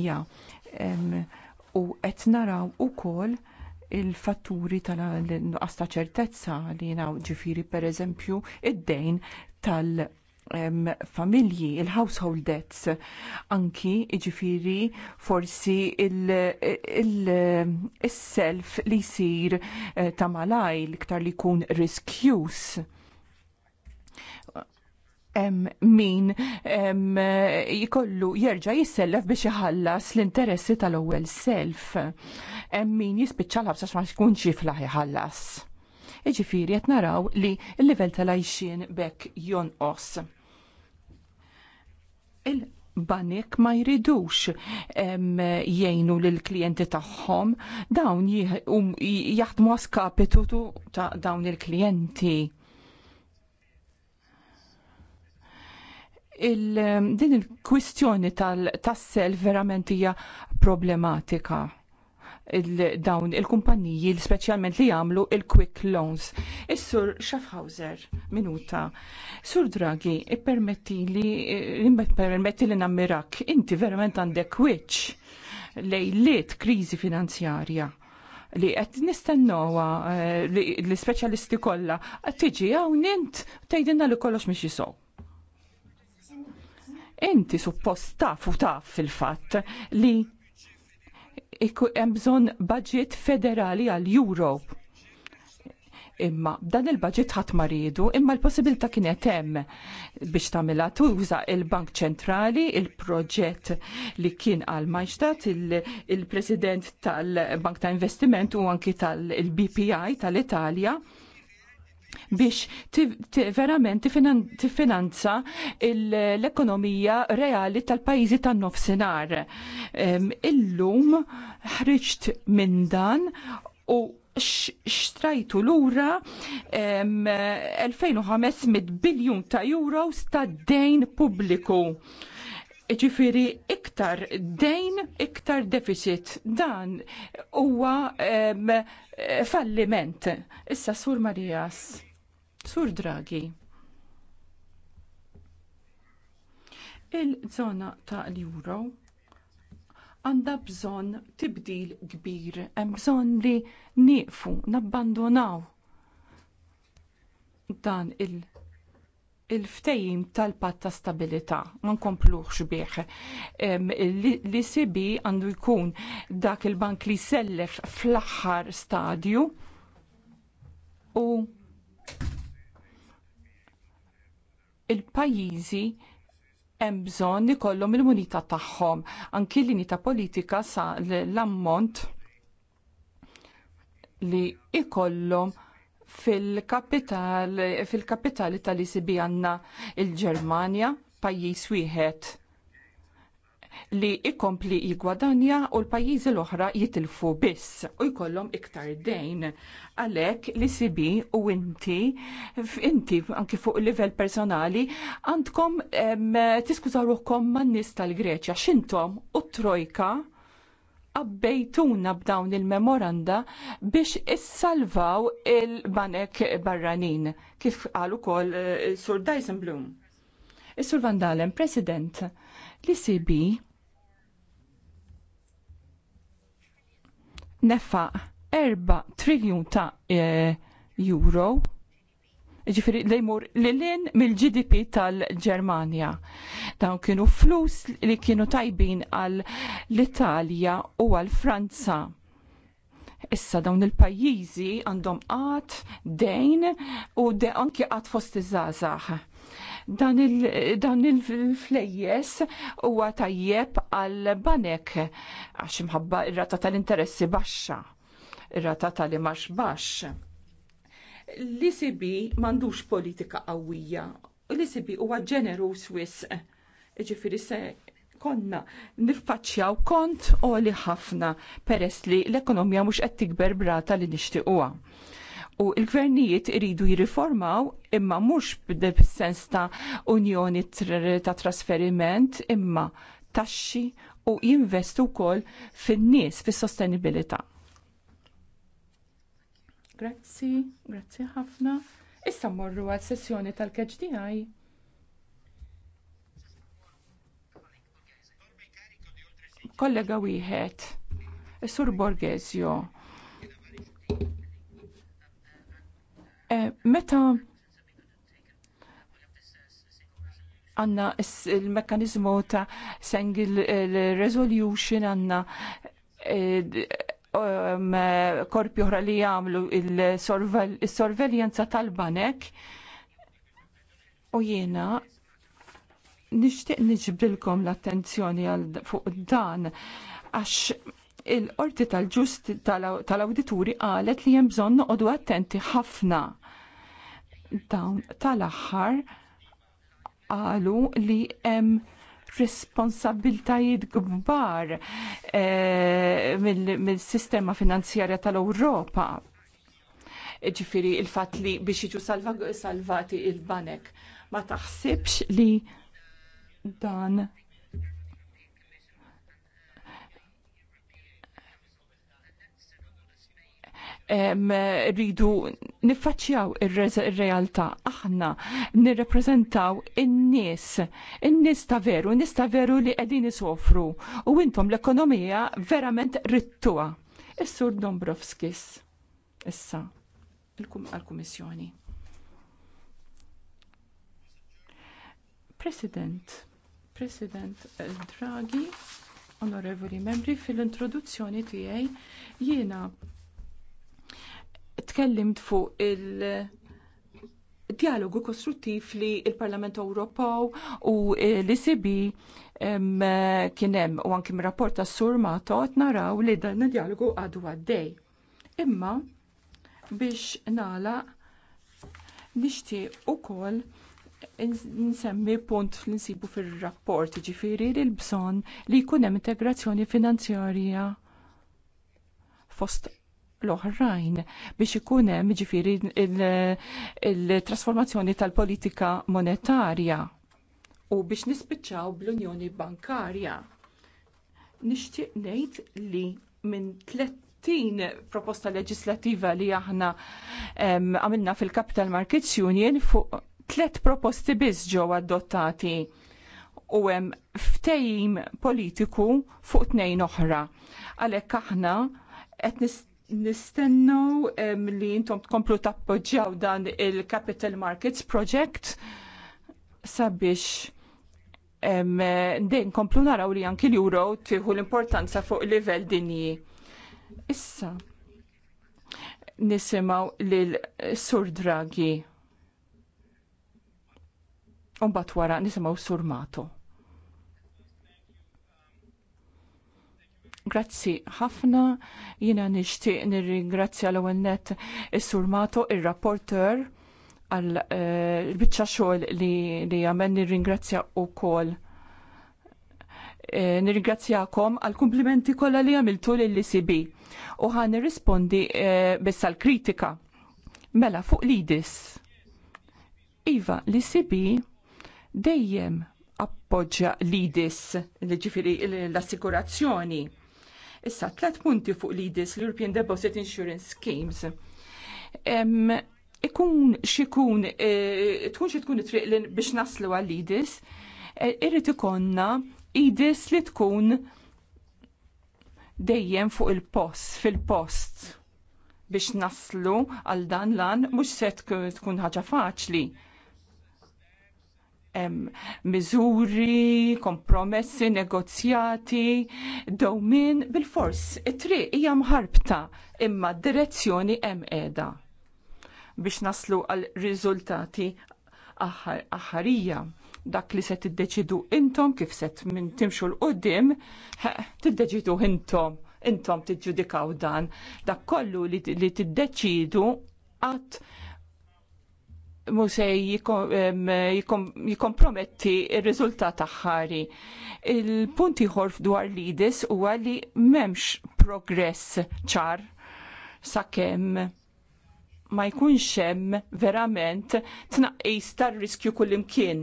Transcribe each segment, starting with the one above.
Ja, u qed naraw ukoll il-fatturi tal-nuqqas ta' ċertezza li naw ġifiri pereżempju id-dejn tal- familji, il-household debts, anki ġifiri forsi il-self il il li jsir eh, ta' malaj l-iktar li jkun riskjus hemm min em, jikollu jerġa' jissellef biex iħallas l-interessi tal-ewwel self. hemm min jispiċċa l l-ħabsa ma tkunx jiflaħ iħallas. Iġifieri qed naraw li l-livell tal-għajxin bekk jonqos. Il banik ma jridux jgħinu lil klijenti tagħhom dawn um, jaħdmu għaskapitu ta' dawn il-klijenti il din il-kwistjoni tal-tassel verament hija problematika il dawn il-kumpaniji speċjalment li jagħmlu il-quick loans. Is-sur Schaffhauser, minuta. Sur Draghi, permetti li permetti li nammirak, inti verament għandek wiċċ lit kriżi finanzjarja li qed nistennowa eh, l-speċjalisti kollha tiġi hawn int tgħidilna li kollox mhix jisow. Inti suppost taf u taf fil-fatt li hemm bżonn budget federali għal Europe. Imma dan il-budget ħadd ma riedu, imma l-possibilità kienet hemm biex tagħmilha tuża il-Bank Ċentrali, il-proġett li kien għal Majstat, il-President tal-Bank ta' Investiment u anki tal-BPI tal-Italja. tal bpi tal italja biex verament tifinanza l-ekonomija reali tal-pajizi tan-nofsinhar. Illum ħriġt minn dan u xtrajtu lura 2500 biljun ta' euro sta' dejn pubbliku ġifiri iktar dejn, iktar deficit. Dan huwa um, falliment. Issa Sur Marijas, Sur Draghi. Il-żona ta' l-Euro għandha bżonn tibdil kbir, hemm bżonn li nifu, nabbandonaw dan il- il-ftejim tal-pat ta' stabilità ma nkomplux bih. Li sibi għandu jkun dak il-bank li sellef fl-aħħar stadju u il-pajjiżi hemm bżonn ikollhom il-munita tagħhom anki l ta' politika sa l-ammont li ikollhom fil-kapital fil-kapitali tal-ECB għandna il-Ġermanja pajjiż wieħed li ikompli jigwadanja u l-pajjiżi l-oħra jitilfu biss u jkollhom iktar dejn. Għalhekk li sibi u inti inti anki fuq livell personali għandkom tiskużaw ruhkom man-nies tal-Greċja x'intom u trojka abbejtuna b'dawn il-memoranda biex issalvaw il-banek barranin, kif qal ukoll eh, Sur Dyson Bloom. Is-Sur Van Dalen, President, l-ICB neffa 4 triljun ta' eh, euro ġifiri li jmur lilin mill-GDP tal-Germania. Dawn kienu flus li kienu tajbin għal italja u għal Franza. Issa dawn il-pajjiżi għandhom qatt dejn u anki qatt fost iż żazax Dan il-flejjes huwa tajjeb għal banek għax imħabba ir-rata tal-interessi baxxa, ir-rata tal-imax baxx L-ICB mandux politika qawwija. L-ICB huwa ġeneru Swiss. Ġifiri se konna niffaċċjaw kont u li ħafna peress li l-ekonomija mhux qed tikber brata li nixtiequha u il-gvernijiet iridu jirriformaw imma mhux b'sens ta' unjoni ta' trasferiment imma taxxi u jinvestu wkoll fin-nies fis-sostenibilità. Grazzi, grazzi ħafna. Issa mmorru għal sessjoni tal-KHDI. kollega wieħed, Sur Borgesio. E, eh, meta għanna il-mekanizmu ta' sengil resolution għanna e, Um, korpi oħra li jamlu il sorveljenza tal-banek u jiena nixtieq niġbrilkom l-attenzjoni fuq dan għax il-qorti tal-ġust tal-awdituri qalet li hemm bżonn noqogħdu attenti ħafna dawn tal-aħħar qalu li hemm responsabiltajiet kbar eh, mill-sistema finanzjarja tal-Ewropa. Ġifiri il-fat li biex jiġu salvati il-banek. Ma taħsibx li dan rridu niffaċċjaw ir-realtà. Aħna nirrepreżentaw in-nies, in-nies ta' veru, n nies ta' veru li qegħdin isofru u intom l-ekonomija verament rittuha. Is-Sur Dombrovskis issa għal-Kummissjoni. President, President Draghi, onorevoli membri, fil-introduzzjoni tiegħi jiena tkellimt fuq il- dialogu kostruttiv li il-Parlament Ewropew u l-ICB kien hemm u anki rapport tas Sur Mato naraw li dan id-dialogu għadu għaddej. Imma biex nishti nixtieq ukoll nsemmi punt li nsibu fir-rapport ġifiri li l-bżonn li jkun hemm integrazzjoni finanzjarja fost l-oħrajn biex ikun hemm ġifieri il-trasformazzjoni tal-politika monetarja u biex nispiċċaw bl-Unjoni Bankarja. Nixtieq ngħid li minn 30 proposta leġislativa li aħna għamilna fil-Capital Markets Union fuq tliet proposti biss ġew adottati u hemm ftejim politiku fuq tnejn oħra. Għalhekk aħna qed nistennu li intom tkomplu tappoġġjaw dan il-Capital Markets Project sabiex dejn komplu naraw li anki l-euro tieħu l-importanza fuq livell dinji. Issa nisimaw lil Sur Draghi. Umbat wara nisimaw Sur Mato. Grazzi ħafna, jina nishtiq nirringrazzja l net is-Sur Mato, il-rapporter, għal eh, bicċa xogħol li għamel nirringrazzja u kol. Eh, nirringrazzjakom għal komplimenti kollha li għamiltu lill-ICB u ħan nirrispondi eh, biss l kritika. Mela fuq lidis. Iva, l-ICB dejjem appoġġja lidis, l-ġifiri l-assikurazzjoni Issa, tlet punti fuq l-IDIS, l-European Deposit Insurance Schemes. Um, ikun xikun, e, tkun xitkun triqlin biex naslu għall-IDIS, e e, irrit ikonna IDIS li tkun dejjem fuq il-post, fil-post biex naslu għal dan lan, mux se tkun ħaġa faċli miżuri, kompromessi, negozjati, dawmin bil-fors. It-triq hija mħarbta imma d direzzjoni hemm qiegħda biex naslu għal riżultati aħħarija dak li se tiddeċidu intom kif se timxu l-qoddim, tiddeċidu intom, intom tiġġudikaw dan, dak kollu li tiddeċidu għat musej jikomprometti il-rizultat taħħari. Il-punti ħorf dwar l-IDIS u għalli memx progress ċar sakemm ma jkunx hemm verament tnaqqis tar-riskju kullimkien.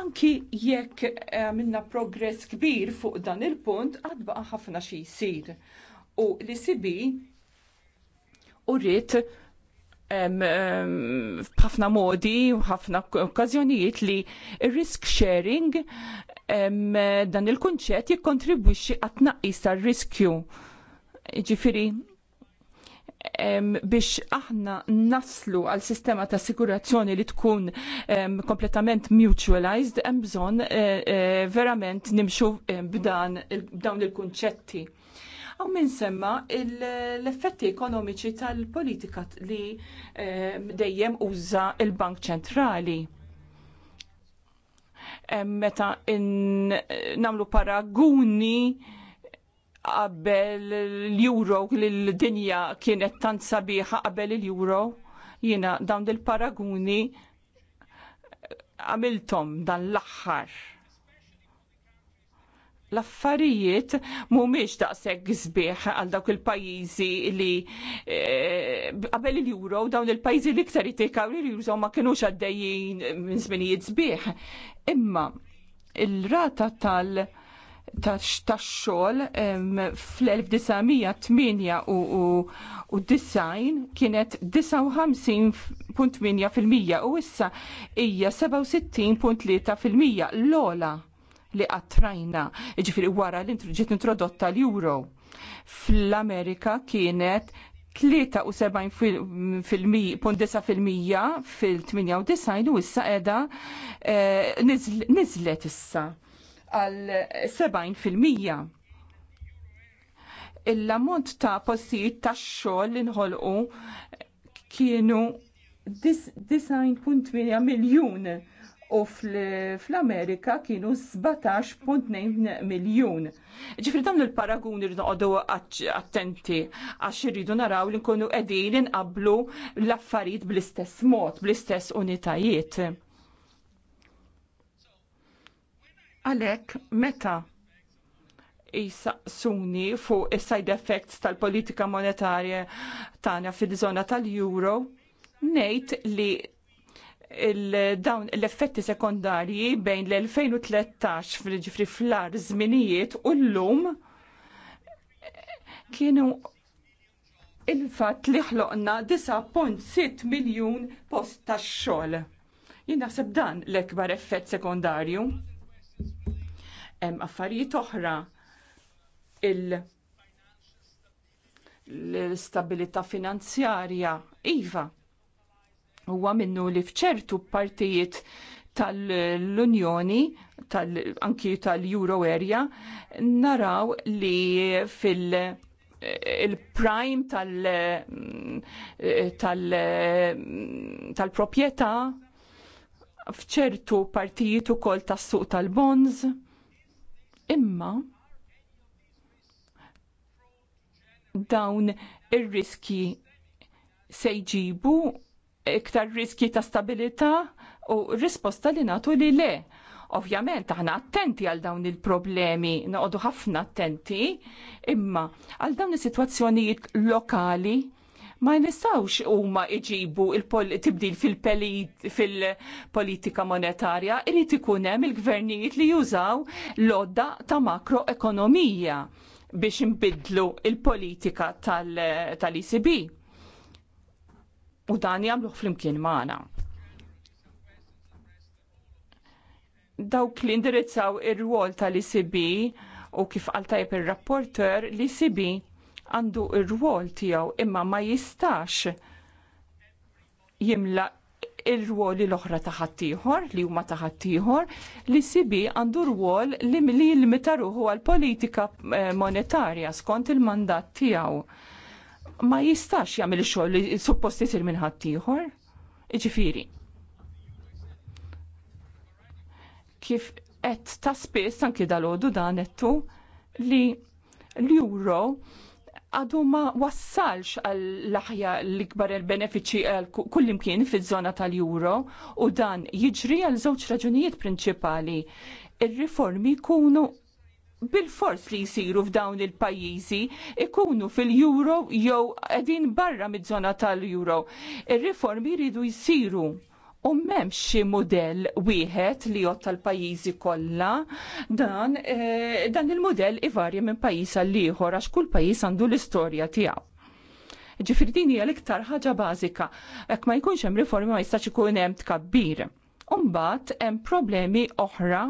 Anki jekk għamilna progress kbir fuq dan il-punt għad baqa ħafna xi jsir. U li sibi u rrit ħafna modi u ħafna okkażjonijiet li risk sharing dan il-kunċett jikkontribwixxi għat tnaqqis tar-riskju. Ġifieri biex aħna naslu għal sistema ta' assigurazzjoni li tkun kompletament mutualized hemm bżonn eh, eh, verament nimxu b'dan il, b'dawn il-kunċetti u minn semma l-effetti ekonomiċi tal-politika li ehm, dejjem uża l bank ċentrali meta namlu paraguni qabel l-euro l-dinja kienet tant sabiħa qabel l-euro jiena dawn il-paraguni għamiltom dan l-axħar l-affarijiet mhumiex daqshekk sbieħ għal dawk il-pajjiżi li e, qabel il juro dawn il-pajjiżi li iktar jitikaw li juro ma kinux għaddejjin minn żminijiet sbieħ. Imma il-rata tal- tax-xogħol fl-1998 kienet 59.8% u issa hija 67.3% l-ola li attrajna, ġifiri wara li ġiet introdotta l-euro. Fl-Amerika kienet 73.9 fil-mija fil-98 u issa edha eh, nizlet issa għal 70 Il-lamont ta' postijiet ta' xogħol li nħolqu kienu 9.8 miljun u fl-Amerika kienu 17.2 miljun. Ġifri dan il-paragun irridu għodu attenti għax irridu naraw li nkunu edin inqablu l-affarijiet bl-istess mod, bl-istess unitajiet. Għalek, meta jisaqsuni fuq is-side effects tal-politika monetarja tagħna fil-żona tal-euro, ngħid li dawn l-effetti sekondarji bejn l-2013 fil-ġifri fl-ar zminijiet u l-lum kienu il-fat li ħloqna 9.6 miljon post ta' xol. Jina dan l-ekbar effett sekondarju. Hemm affarijiet oħra il- l-stabilità finanzjarja. Iva, Huwa minnu li fċertu partijiet tal-Unjoni, tal anki tal-Euro area, naraw li fil- il-prime tal- tal- tal-propieta fċertu partijiet ukoll tas-suq tal-bonds. Imma dawn ir-riski se jġibu iktar riski ta' stabilità u risposta li natu li le ovvjament aħna attenti għal dawn il-problemi, noqogħdu ħafna attenti, imma għal dawn is-sitwazzjonijiet lokali ma u huma iġibu il-tibdil fil-politika monetarja, irid ikun hemm il-gvernijiet li jużaw l-odda ta' makroekonomija biex imbidlu il-politika tal-ECB. tal icb tal u dan jagħmluh flimkien magħna. Dawk li indirizzaw ir-rwol tal-ICB u kif qal ir-rapporter l-ICB għandu ir-rwol tiegħu imma ma jistax jimla il-rwoli l-oħra taħattijħor, li huma taħattijħor, li sibi għandu rwol li li limita ruħu għal-politika eh, monetarja skont il-mandat tijaw ma jistax jagħmel ix-xogħol li suppost isir minn ħadd ieħor. Ġifieri. Kif qed ta' spiss anki dalodu dan ettu li l-euro għadu ma wassalx għall-laħja l-ikbar il-benefiċi għal kullimkien fiż-żona tal juro u dan jiġri għal żewġ raġunijiet prinċipali. Ir-riformi jkunu bil-fors li jisiru f'dawn il-pajjiżi ikunu fil-euro jew qegħdin barra mid-żona tal-euro. Ir-riformi jridu jisiru U memx xi modell wieħed li jott tal-pajjiżi kollha dan, e, dan il-modell ivarja minn pajjiż għal ieħor għax kull pajjiż għandu l-istorja tiegħu. Ġifieri din hija l-iktar ħaġa bażika. Jekk ma jkunx hemm riformi ma jistax ikun hemm tkabbir. Umbagħad hemm problemi oħra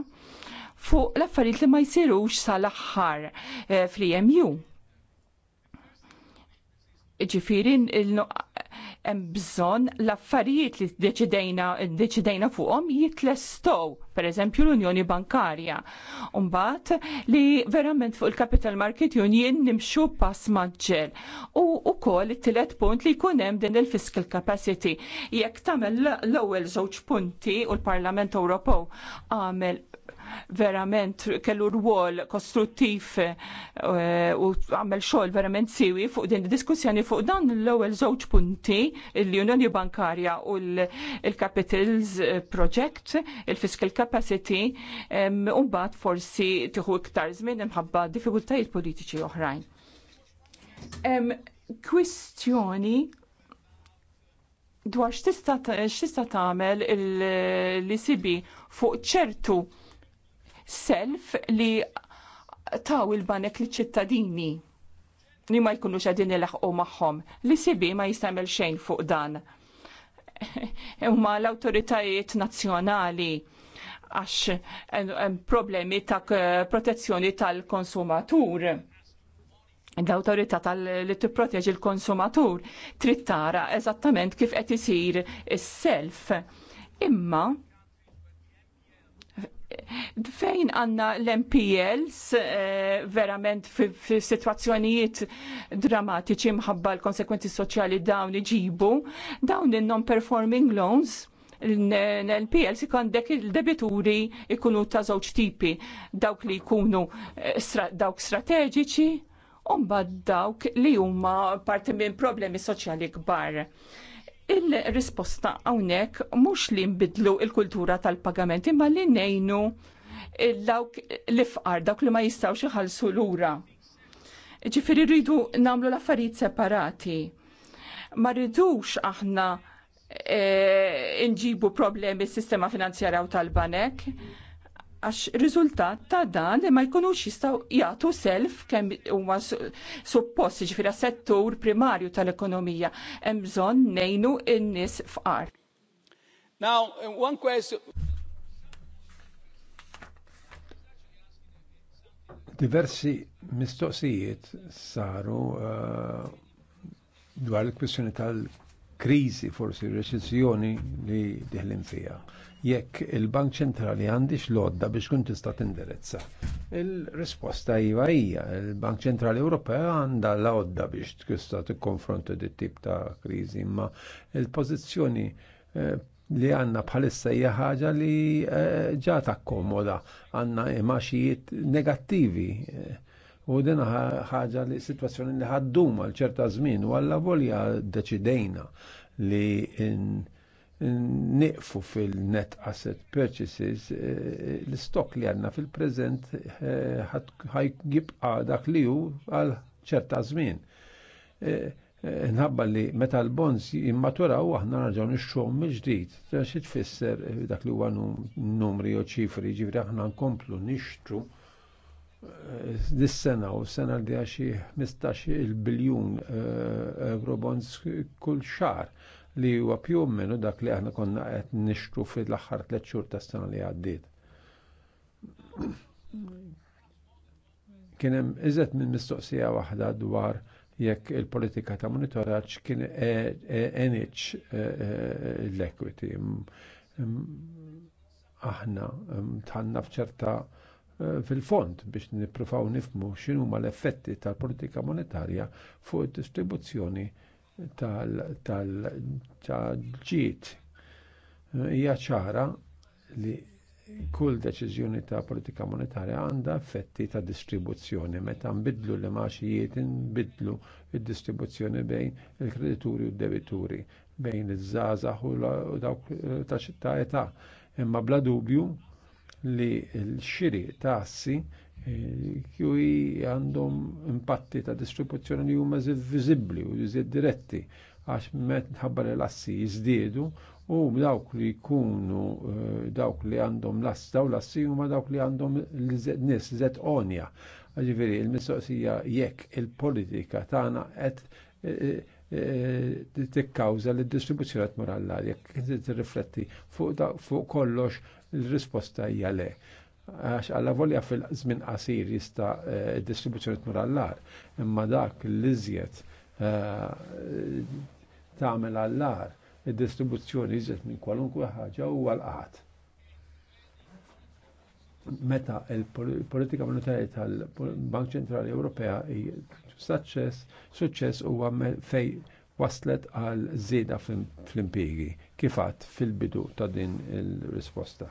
fuq l-affarijiet li ma jsirux sal-aħħar eh, fl-EMU ġifiri hemm bżonn l-affarijiet li deċidejna fuqhom jitlestgħu, pereżempju l-Unjoni Bankarja. Mbagħad li verament fuq il-Capital Market Union nimxu pass maġġel. U wkoll it-tielet punt li jkun hemm din il-fiscal capacity. Jekk tagħmel l-ewwel żewġ punti u l-Parlament Ewropew għamel verament kellu rwol kostruttiv eh, u għamel xogħol verament siwi fuq din diskussjoni fuq dan l-ewwel żewġ punti l-Unjoni Bankarja u l-Capitals eh, Project, il-Fiscal Capacity, u mbagħad forsi tieħu iktar żmien imħabba diffikultajiet politiċi oħrajn. Kwistjoni dwar x'tista' tagħmel l-ICB fuq ċertu self li taw il-banek li ċittadini li ma jkunux ċadini il-ħqu maħħom. Li sibi ma jistamil xejn fuq dan. Imma l-autoritajiet nazzjonali għax problemi ta' protezzjoni tal-konsumatur. L-autorità tal li tipproteġi l-konsumatur trid tara eżattament kif qed isir is-self. Imma fejn għanna l-MPLs eh, verament fi situazzjonijiet dramatiċi mħabba l-konsekwenzi soċjali dawn iġibu, dawn il-non-performing loans l-NPLs dek il-debituri ikunu ta' żewġ tipi, dawk li jkunu eh, dawk strateġiċi, u mbagħad dawk li huma parti minn problemi soċjali kbar Il-risposta hawnhekk mhux li nbidlu il-kultura tal-pagament imma li ngħinu dawk l-ifqar dawk li ma jistgħux l lura. Ġifiri rridu nagħmlu l-affarijiet separati. Ma rridux aħna e, nġibu problemi s-sistema u tal-banek għax riżultat ta' dan li ma jkunux jistaw jgħatu self kemm huwa suppost ġifiera settur primarju tal-ekonomija hemm bżonn ngħinu n-nies fqar. Now, one question. Diversi mistoqsijiet saru eh, dwar il-kwissjoni tal-krizi forsi, reċessjoni li diħlin fija jekk il-Bank Ċentrali għandix lodda biex kun tista' tindirizza. Il-risposta iva hija, il-Bank Ċentrali Ewropea għandha lodda biex tista' tikkonfronti dit tip ta' kriżi, imma il-pożizzjoni eh, li għanna bħalissa hija ħaġa li eh, ġa takkomoda għanna imaxijiet negattivi. Eh, u dina ħaġa li situazzjoni li ħaddum għal ċerta żmien u għalla volja deċidejna li niqfu fil-net asset purchases eh, eh, l-stock li għanna fil-prezent eh, jibqa dak li hu għal ċerta żmien. Nħabba li meta l-bonds u aħna raġaw nixxom mill-ġdid. Xi tfisser dak li huwa numri u ċifri, ġivri aħna nkomplu nixtru dis-sena u s-sena li għaxi 15 il-biljun euro bonds kull xar li huwa più meno dak li aħna konna qed nixtru fil-aħħar tliet xhur ta' sena li għaddiet. Kien hemm iżet minn mistoqsija waħda dwar jekk il-politika ta' monitoraġġ kien e, e, enitx e, l-equity. Aħna tħanna f'ċerta fil-fond biex nippruvaw nifmu x'inhuma l-effetti tal-politika monetarja fuq id-distribuzzjoni tal-ġiet. Hija ċara li kull deċiżjoni ta' politika monetarja għandha effetti ta' distribuzzjoni. Meta nbidlu l maxijiet nbidlu il distribuzzjoni bejn il-kredituri u d-debituri, bejn iż-żgħażagħ u dawk ta' xitta età. Imma bla dubju li l-xiri ta' assi kjuj e għandhom impatti ta' distribuzzjoni li huma viżibbli u iżjed diretti għax met nħabbar l-assi jizdiedu u dawk li jkunu eh, dawk li għandhom lass daw lassi huma dawk li għandhom nis zet onja. Ġifieri il-mistoqsija jekk il-politika tagħna qed eh, eh, tikkawża li d-distribuzzjoni qed mur għall jekk tirrifletti fuq kollox il-risposta hija le għax għalla volja fil-żmien qasir jista' id-distribuzzjoni eh, tmur għall-lar, imma dak l-iżjed eh, tagħmel għall-lar id-distribuzzjoni iżjed minn kwalunkwe ħaġa huwa l qat meta il-politika monetarja tal-Bank Ċentrali Ewropea suċċess huwa fej waslet għal żieda fl impiegi kif kifat fil-bidu ta' din il-risposta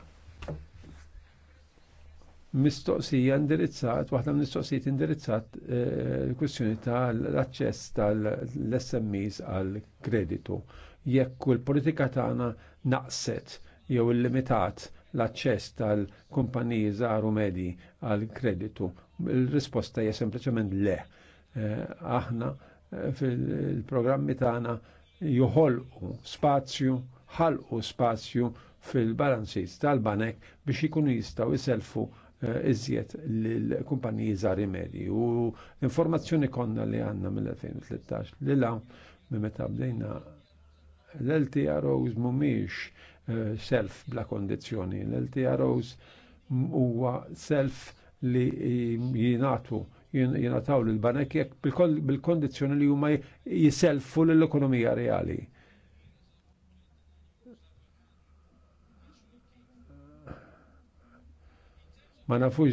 mistoqsija indirizzat, waħda mistoqsijiet indirizzat eh, l-kwistjoni ta' l-aċċess tal-SMEs għal kreditu. Jekk l politika tagħna naqset jew illimitat l-aċċess tal-kumpaniji żgħar u medji għal kreditu, il-risposta hija sempliċement le. Eh, aħna eh, fil-programmi tagħna joħolqu spazju, ħalqu spazju fil-balances tal-banek biex ikunu jistaw jiselfu Eh, iżjed l-kumpaniji żgħar medji u l-informazzjoni konna li għandna mill-2013 li la minn meta bdejna l-LTROs mhumiex eh, self bla kondizzjoni, l-LTROs huwa self li jingħatu jingħataw l banek jekk bil-kondizzjoni li huma jiselfu lill-ekonomija reali Ma nafux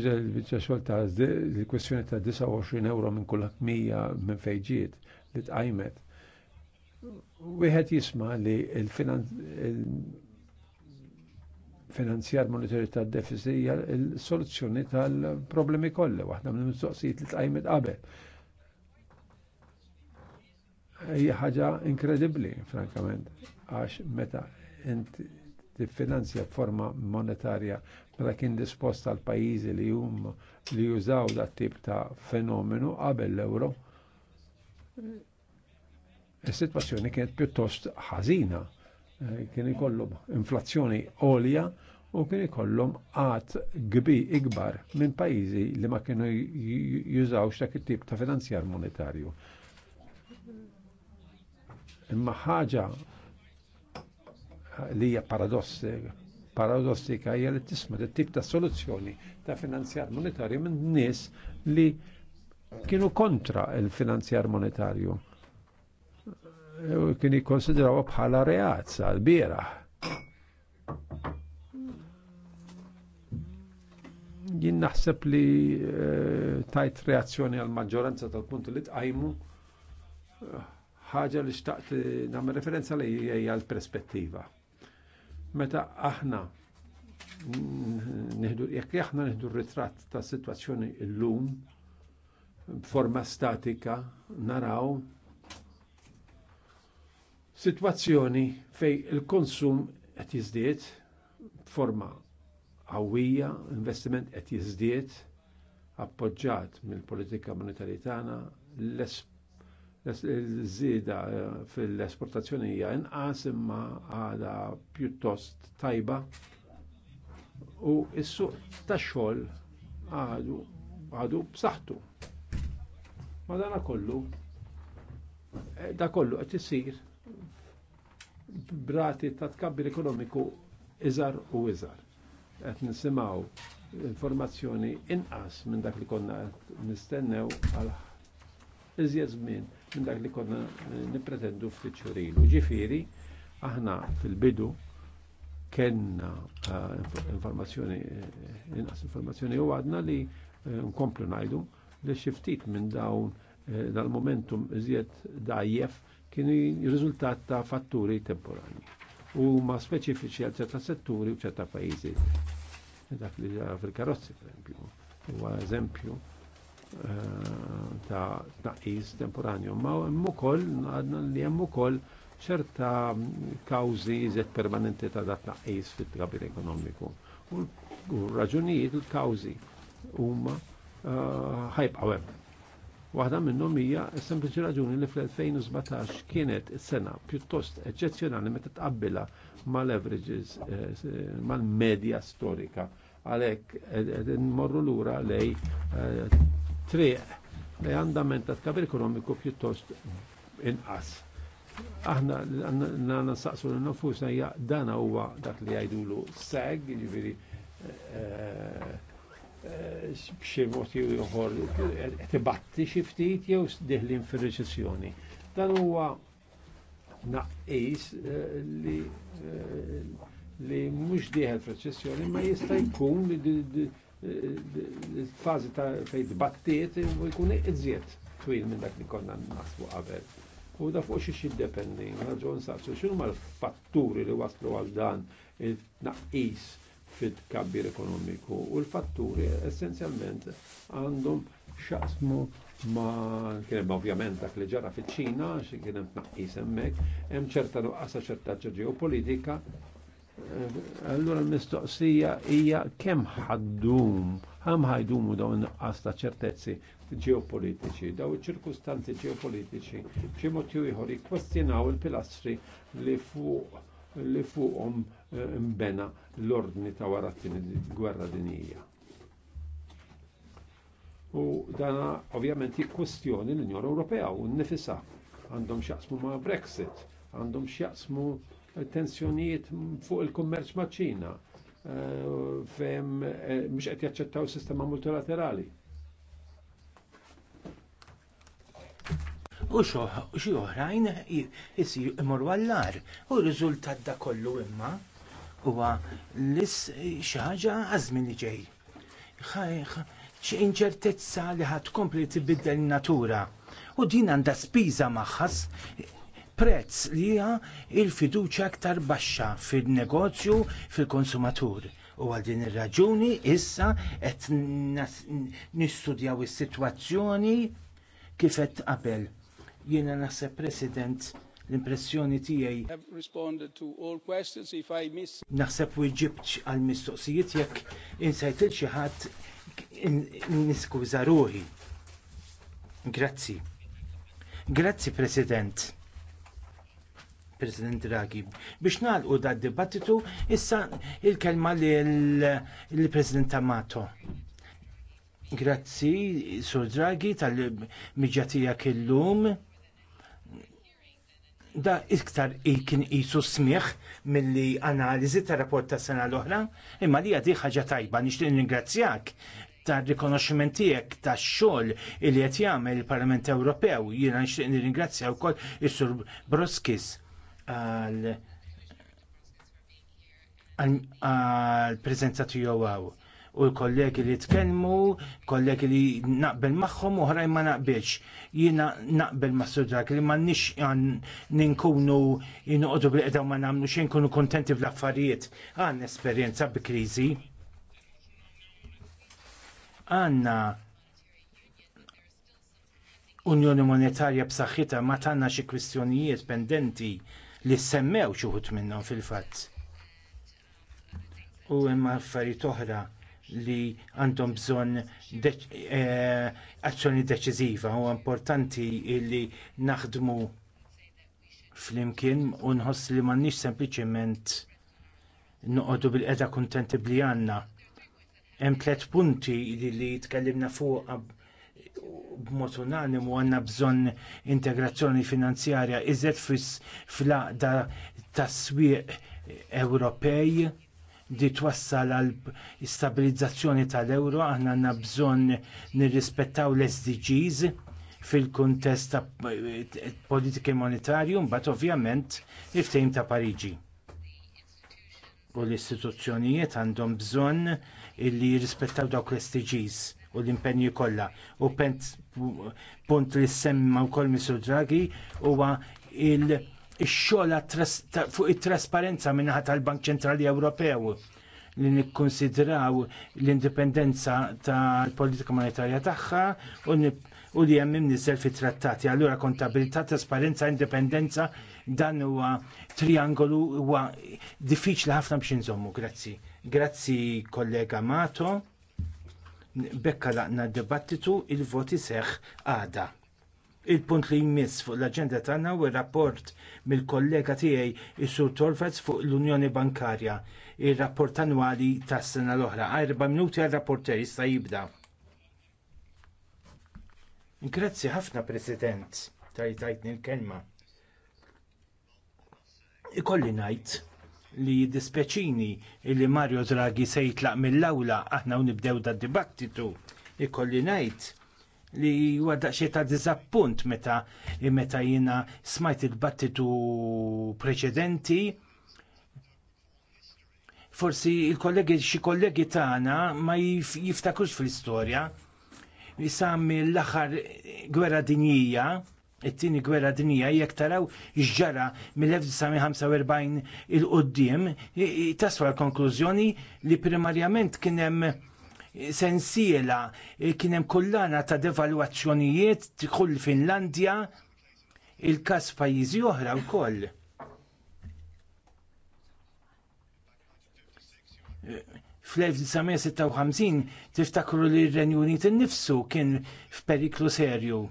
xogħol ta' l-kwestjoni ta' 29 euro minn kull 100 minn fejġiet li tqajmet. Wieħed jisma' li l-finanzjar monetarju ta' deficit hija l-soluzzjoni tal-problemi kollha, waħda mill-mistoqsijiet li tqajmet qabel. Hija ħaġa inkredibbli, frankament, għax meta inti tiffinanzja forma monetarja meta kien dispost għal pajjiżi li jum li jużaw dat tip ta' fenomenu qabel l-euro. Is-sitwazzjoni kienet pjuttost ħażina. Eh, kien ikollhom inflazzjoni għolja u kien ikollhom għad gbi ikbar minn pajjiżi li ma kienu jużawx dak it-tip ta' finanzjar monetarju. Imma ħaġa li hija paradoss eh, paradostika hija li tisma' tip ta' soluzzjoni ta' finanzjar monetarju minn nies li kienu kontra il-finanzjar monetarju. Kien jikkonsidrawha bħala reazza l-bieraħ. Jien naħseb li eh, tajt reazzjoni għal maġġoranza tal punt li tqajmu eh, ħaġa li xtaqt nagħmel referenza li hija l-perspettiva Meta aħna nieħdu jekk aħna nieħdu ritratt ta' sitwazzjoni llum b'forma statika naraw sitwazzjoni fej il-konsum qed jiżdied b'forma qawwija, investiment qed jiżdied appoġġjat mill-politika monetarja tagħna l-esp l-żieda eh, fil-esportazzjoni hija inqas imma għada pjuttost tajba u s-suq tax-xogħol għadu għadu b'saħħtu. dana kollu eh, da kollu qed isir brati ta' tkabbir ekonomiku iżar u iżar. Qed nisimgħu informazzjoni inqas minn dak li konna nistennew għal iżjed żmien minn dak li konna eh, nipretendu ftit xurilu. Ġifiri, aħna fil-bidu kena eh, informazzjoni, eh, inqas informazzjoni u għadna li nkomplu najdu li xiftit minn dawn dal-momentum iżjed dajjef kienu riżultat ta' fatturi temporali U ma speċifiċi għal ċerta setturi u ċerta pajizi. Dak li fil-karozzi, per esempio, u eżempju Eh, ta' tnaqqis temporanju. Ma' hemm ukoll li hemm ukoll ċerta kawżi iżet permanenti ta' dat tnaqqis fit-kabir ekonomiku. U raġunijiet il-kawżi huma eh, ħajbqgħu hemm. Waħda minnhom hija sempliċi raġuni li fl-2017 kienet sena pjuttost eċċezzjonali meta tqabbilha mal-averages eh, mal-medja storika għalhekk l lura lej triq li għandha menta tkabir ekonomiku pjuttost inqas. Aħna għanna saqsu l-nofusna hija dana huwa dak li jgħidulu seg, jiġifieri eh, eh, b'xi mod ieħor tibatti xi ftit jew diħlin fir-reċessjoni. Dan huwa naqis eh, li li mhux diħel fir-reċessjoni ma jista' jkun fazi ta' fej dibattiet u jkun iżjed twil minn dak li konna nasbu qabel. U da fuq xiex jiddependi, raġun saqsu, xinu ma l-fatturi li waslu għal dan il-naqis fit-kabbir ekonomiku u l-fatturi essenzjalment għandhom xaqsmu ma kienem ovvjament dak li ġara fiċ ċina xi kien hemm tnaqqis hemmhekk, hemm ċerta nuqqasa ċerta ġeopolitika Allora l-mistoqsija hija kemm ħaddum, ħam ħajdumu dawn nuqqas ta' ċertezzi ġeopolitiċi, daw ċirkustanzi ġeopolitiċi, xi mod ieħor jikkwestjonaw il-pilastri li fuq li fuqhom eh, mbena l-ordni ta' wara gwerra dinija. U dana ovvjament jikkwestjoni l-Unjoni Ewropea u nnifisha għandhom x'jaqsmu ma' Brexit, għandhom x'jaqsmu tensjonijiet fuq il-kummerċ maċ-Ċina eh, fejn eh, mhux qed jaċċettaw sistema multilaterali. U xi oħrajn isir imorru għallar. U r-riżultat da kollu imma huwa lis xi ħaġa għażmin li ġej. Xi inċertezza li ħadd kompli tibiddel in natura. U din għandha spiża magħhas prezz li hija il-fiduċja aktar baxxa fil-negozju fil-konsumatur. U għal din ir-raġuni issa qed nistudjaw is-sitwazzjoni kif qed qabel. Jiena naħseb President l-impressjoni tiegħi naħseb u ġibtx għal mistoqsijiet jekk insajtil xi ħadd niskuża ruħi. Grazzi. Grazzi President. President Draghi. Biex nagħlqu da dibattitu issa il-kelma lill-President Amato. Grazzi, Sur Draghi, tal-mijġatija kellum. Da iktar ikin qisu smieħ milli analiżi tar rapport tas sena l-oħra, imma li għadi ħaġa tajba nixtieq ningrazzjak tar rikonoxximent tiegħek tax-xogħol li qed jagħmel il-Parlament Ewropew. Jiena nixtieq nirringrazzja wkoll is-Sur Broskis għall prezenza tiegħu għaw u l-kollegi li tkellmu, kollegi li naqbel magħhom u ħrajn ma naqbilx. Jiena naqbel ma' sudrak li ma nix ninkunu jinqodu bil ma nagħmlu xejn nkunu kontenti fl affarijiet Għan esperjenza bi kriżi. Għanna Unjoni Monetarja b'saħħitha ma tagħna xi kwistjonijiet pendenti li semmew xi wħud minnhom fil-fatt. U hemm affarijiet oħra li għandhom bżonn eh, azzjoni deċiżiva u importanti li naħdmu flimkien u nħoss li m'għandniex sempliċement noqogħdu bil-qeda kuntenti bli għandna. Hemm tliet punti li tkellimna fuq b'mod unanimu għanna bżonn integrazzjoni finanzjarja iżed fl-għaqda tas-swieq Ewropej li twassal għal stabilizzazzjoni tal ewro aħna għandna bżonn nirrispettaw l-SDGs fil-kuntest ta' politiki monetarju, mbagħad ovvjament il-ftehim ta' Pariġi. U l-istituzzjonijiet għandhom bżonn illi jirrispettaw dawk l-SDGs u l impenju kollha. U punt li semma wkoll Misur Draghi huwa il-xogħol fuq it-trasparenza minnaħa tal-Bank Ċentrali Ewropew li nikkonsidraw l-indipendenza tal-politika monetarja tagħha u u li jemmim nisel fi trattati. Allura kontabilità, trasparenza, indipendenza, dan huwa triangolu huwa diffiċli ħafna biex nżommu. Grazzi. Grazzi kollega Mato bekka laqna d-dibattitu il-voti seħħ għada. Il-punt li jmiss fuq l aġenda tagħna u rapport mill-kollega tiegħi is-Sur Torfez fuq l-Unjoni Bankarja, ir-rapport annwali tas-sena l-oħra. Erba' minuti għar-rapporter jista' jibda. Grazzi ħafna President, tajtajtni l-kelma. Ikolli ngħid li jiddispeċini li Mario Draghi se jitlaq mill-awla aħna u nibdew da dibattitu ikolli ngħid li huwa xie ta' diżappunt meta meta jiena smajt il-battitu preċedenti forsi il-kollegi xi kollegi tagħna ma jiftakrux fl-istorja li sa mill-aħħar gwerra dinjija it-tieni gwerra dinija jekk taraw x'ġara mill-1945 il-qoddim taswa l-konklużjoni li primarjament kien hemm sensiela kien hemm kullana ta' devalwazzjonijiet kull Finlandja il-każ pajjiżi oħra wkoll. fl-1956 tiftakru li r-Renju Unit innifsu kien f'periklu serju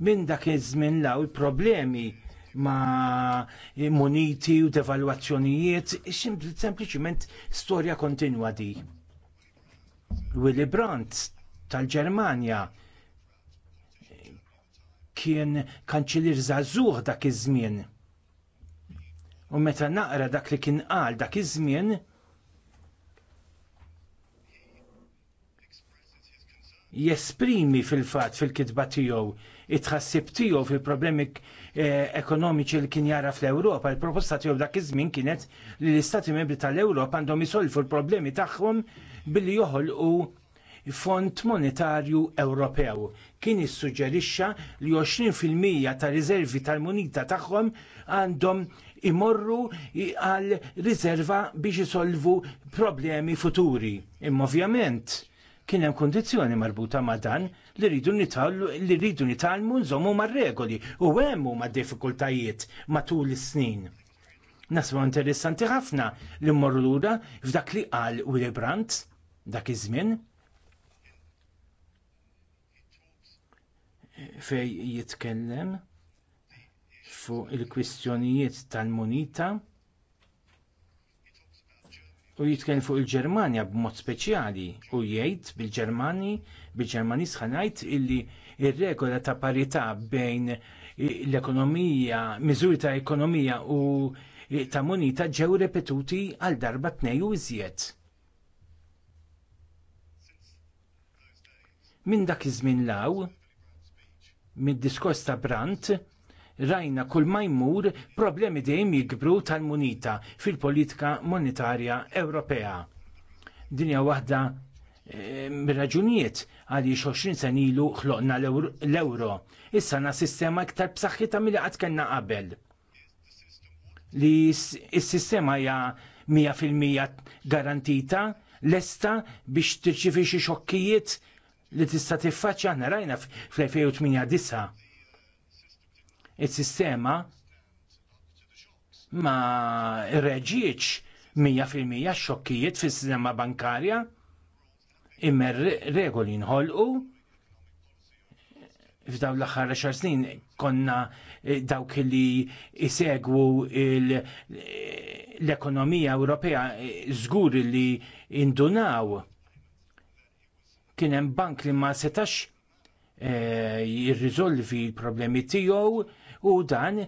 minn dak iż-żmien law il-problemi ma muniti u devalwazzjonijiet, sempliċement storja kontinwa di. Willy Brandt tal-Ġermanja kien kanċilir żagħżugħ dak iż-żmien. U meta naqra dak li kien qal dak iż-żmien, jesprimi fil-fatt fil-kitba tiegħu it-tħassib tiegħu fil-problemi eh, ekonomiċi li kien jara fl-Ewropa. Il-proposta tiegħu dak iż-żmien kienet li l-Istati Membri tal-Ewropa għandhom isolfu l-problemi tagħhom billi joħolqu Fond Monetarju Ewropew kien issuġġerixxa li 20% ta' riservi tal-munita tagħhom għandhom imorru għal riserva biex isolvu problemi futuri. Imma ovvjament kien hemm kundizzjoni marbuta ma' dan li rridu li rridu nitalmu nżommu mar-regoli u hemm huma diffikultajiet matul is-snin. Nasma interessanti ħafna li mmorru lura f'dak li qal Willy Brandt dak iż-żmien. Fej jitkellem fuq il-kwistjonijiet tal-munita u jitkellem fuq il-Ġermanja b'mod speċjali u jgħid bil-Ġermani bil-Ġermanis ħanajt illi ir-regola ta' parità bejn l-ekonomija, miżuri ta' ekonomija u ta' munita ġew repetuti għal darba tnejn u iżjed. Minn dak iż-żmien law, mid-diskors ta' Brandt, rajna kull ma jmur problemi dejjem jikbru tal-munita fil-politika monetarja Ewropea. Dinja waħda mir-raġunijiet għaliex 20 sen ilu ħloqna l-euro. Issa na sistema iktar b'saħħitha milli qatt kellna qabel. Li s-sistema hija 100% garantita lesta biex tirċifi xi xokkijiet li tista' tiffaċċja aħna rajna fl-2008 il-sistema ma reġieċ 100% xokkijiet fis sistema bankarja imma regoli nħolqu f'daw l-axħar xar snin konna eh, dawk li isegwu eh, l-ekonomija Ewropea żgur eh, li indunaw kien hemm bank li ma setax jirriżolvi l-problemi tiegħu u dan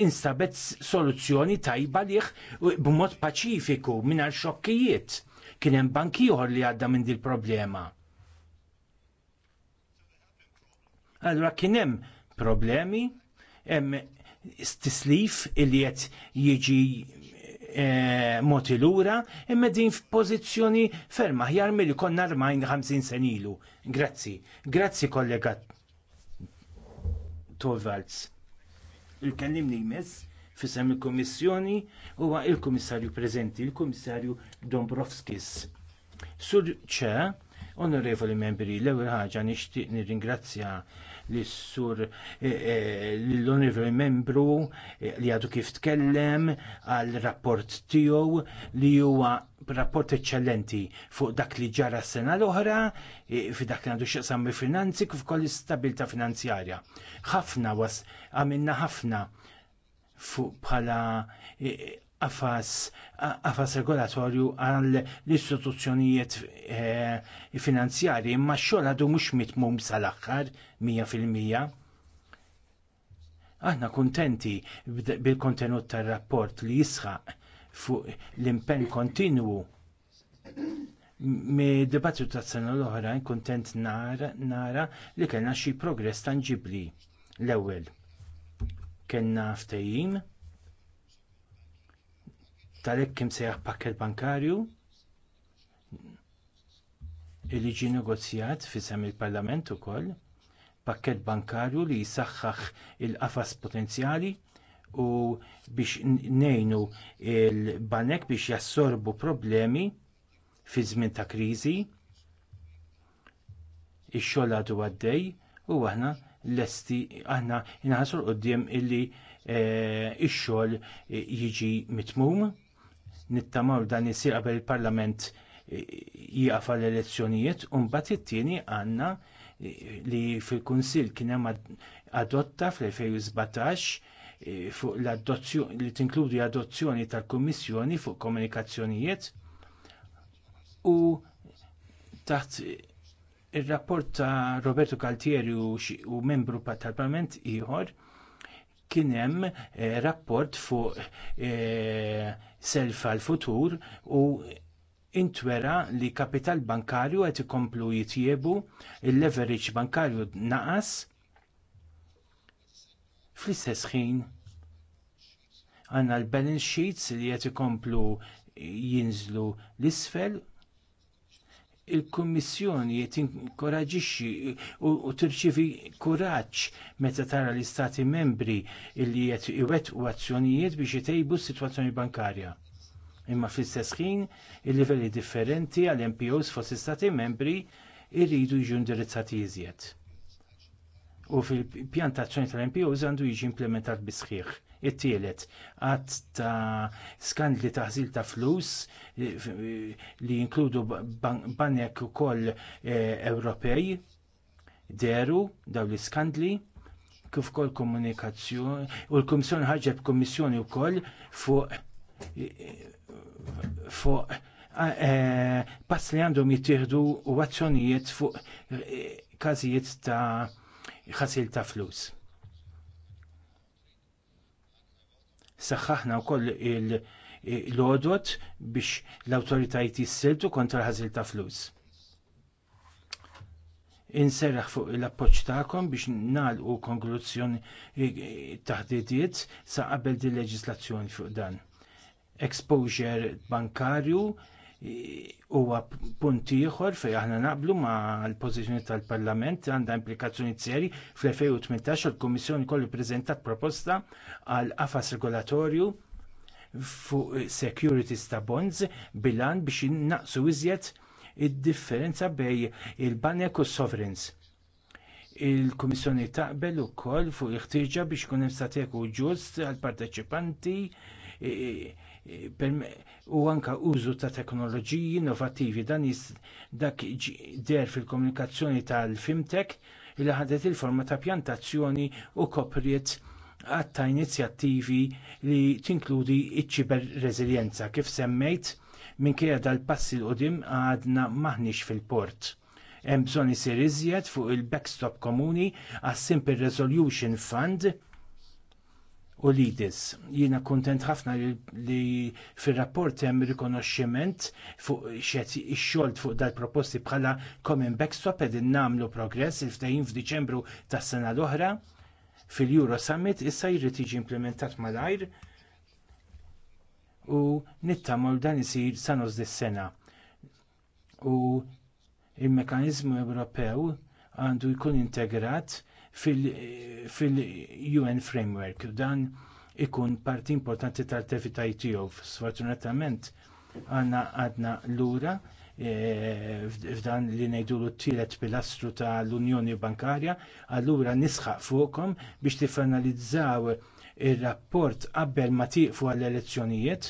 instabet soluzzjoni tajba liħ b'mod paċifiku mingħajr xokkijiet. Kien hemm bank ieħor li għadda minn dil problema. Allura kien hemm problemi, hemm stislif il qed jiġi E, eh, lura imma din f'pożizzjoni ferm aħjar milli konna armajn 50 senilu. ilu. Grazzi, grazzi kollega Torvalds. Il-kellimni jmiss fisem il-Komissjoni huwa il-Komissarju Prezenti, il-Komissarju Dombrovskis. Sur ċe, onorevoli membri, l-ewwel ħaġa nixtieq nirringrazzja l-sur eh, eh, l onivri membru eh, li għadu kif tkellem għal rapport tiegħu li huwa rapport eċċellenti fuq dak li ġara s-sena l-oħra, fi dak li għandu xieqsam finanzi kif koll stabilta finanzjarja. Ħafna was għamilna ħafna fuq bħala għafas regolatorju għal l-istituzzjonijiet eh, finanzjarji imma x-xogħol għadu mhux mitmum sal-aħħar 100%. Aħna kuntenti bil-kontenut tar-rapport li jisħaq fuq l-impenn kontinwu Me debattu ta' sena l-oħra kuntent nara li kellna xi progress tangibbli l-ewwel. Kellna ftehim tal kim sejaħ pakket bankarju li ġi negozjat fi sem il-Parlament ukoll, pakket bankarju li jisaxħax il-qafas potenzjali u biex ngħinu l banek biex jassorbu problemi fi żmien ta' kriżi ix-xogħol għadu għaddej u aħna lesti aħna inħassu l-qoddim illi eh, ix-xogħol jiġi mitmum nittamaw dan jisir qabel il-Parlament jieqaf għal elezzjonijiet u mbagħad it-tieni għandna li fil-Kunsill kien hemm adotta fl-2017 eh, fuq l-adozzjoni li tinkludi adozzjoni tal-Kummissjoni fuq komunikazzjonijiet u taħt ir-rapport ta' Roberto Galtieri u membru tal-Parlament ieħor kien hemm eh, rapport fuq eh, self għal futur u intwera li kapital bankarju qed ikomplu jitjiebu il-leverage bankarju naqas fl-istess ħin għandna l-balance sheets li qed ikomplu jinżlu l-isfel il-Kummissjoni tinkoraġixxi u tirċivi kuraġġ meta tara l-Istati membri li qed iwettqu azzjonijiet biex itejbu s-sitwazzjoni bankarja. Imma fl-istess ħin il-livelli differenti għal NPOs fost Istati membri jridu jiġu indirizzati iżjed. U fil-pjantazzjoni tal-NPOs għandu jiġi implementat bi sħiħ It-tielet, għat ta' skandli ta' ħsil ta' flus eh, li jinkludu banek ukoll eh, Ewropej deru dawn l-iskandli kif kol komunikazzjoni u l-Komissjoni ħarġet Komissjoni wkoll fuq fuq eh, pass li għandhom jittieħdu u azzjonijiet fuq każijiet ta' ħasil ta' flus. Saħħaħna wkoll il-lodot biex l-awtoritajiet jissiltu kontra ħażil ta' flus. Inserraħ fuq l-appoċ tagħkom biex nagħlqu konkluzzjoni eh, eh, taħdidiet sa qabel din leġislazzjoni fuq dan. Exposure bankarju huwa punti ieħor fejn aħna naqblu ma l-pożizzjoni tal-Parlament għandha implikazzjoni serji fl-2018 il-Kummissjoni kollu ppreżentat proposta għal qafas regolatorju fuq securities ta' bonds bilan biex innaqsu iżjed id-differenza bejn il-banek u s-sovereigns. Il-Kummissjoni taqbel ukoll fuq il-ħtieġa biex kun hemm stateku ġust għall parteċipanti Eh, u anke użu ta' teknoloġiji innovattivi dan dak der fil-komunikazzjoni tal-fimtek li ħadet il-forma ta' pjantazzjoni u kopriet għatta inizjattivi li tinkludi iċ-ċiber reżiljenza kif semmejt minkejja dal-passi l-qudiem għadna maħniex fil-port. Hemm bżonn isir iżjed fuq il-backstop komuni għas-Simple Resolution Fund u lidis. Jiena kuntent ħafna li fir-rapport hemm rikonoxximent fuq ix-xogħol fuq dal-proposti bħala common backstop qegħdin nagħmlu progress il-ftehim f'Diċembru tas-sena l-oħra fil-Euro Summit issa jrid jiġi implementat malajr u nittamaw dan isir sa nos dis-sena. U il-mekanizmu Ewropew għandu jkun integrat fil-UN framework. Dan ikun parti importanti tal-tevitajt tiegħu. Sfortunatament għandna għadna lura e, f'dan li ngħidulu t-tielet pilastru tal-Unjoni Bankarja, allura nisħaq fuqhom biex tifanalizzaw ir-rapport qabel ma tieqfu għall-elezzjonijiet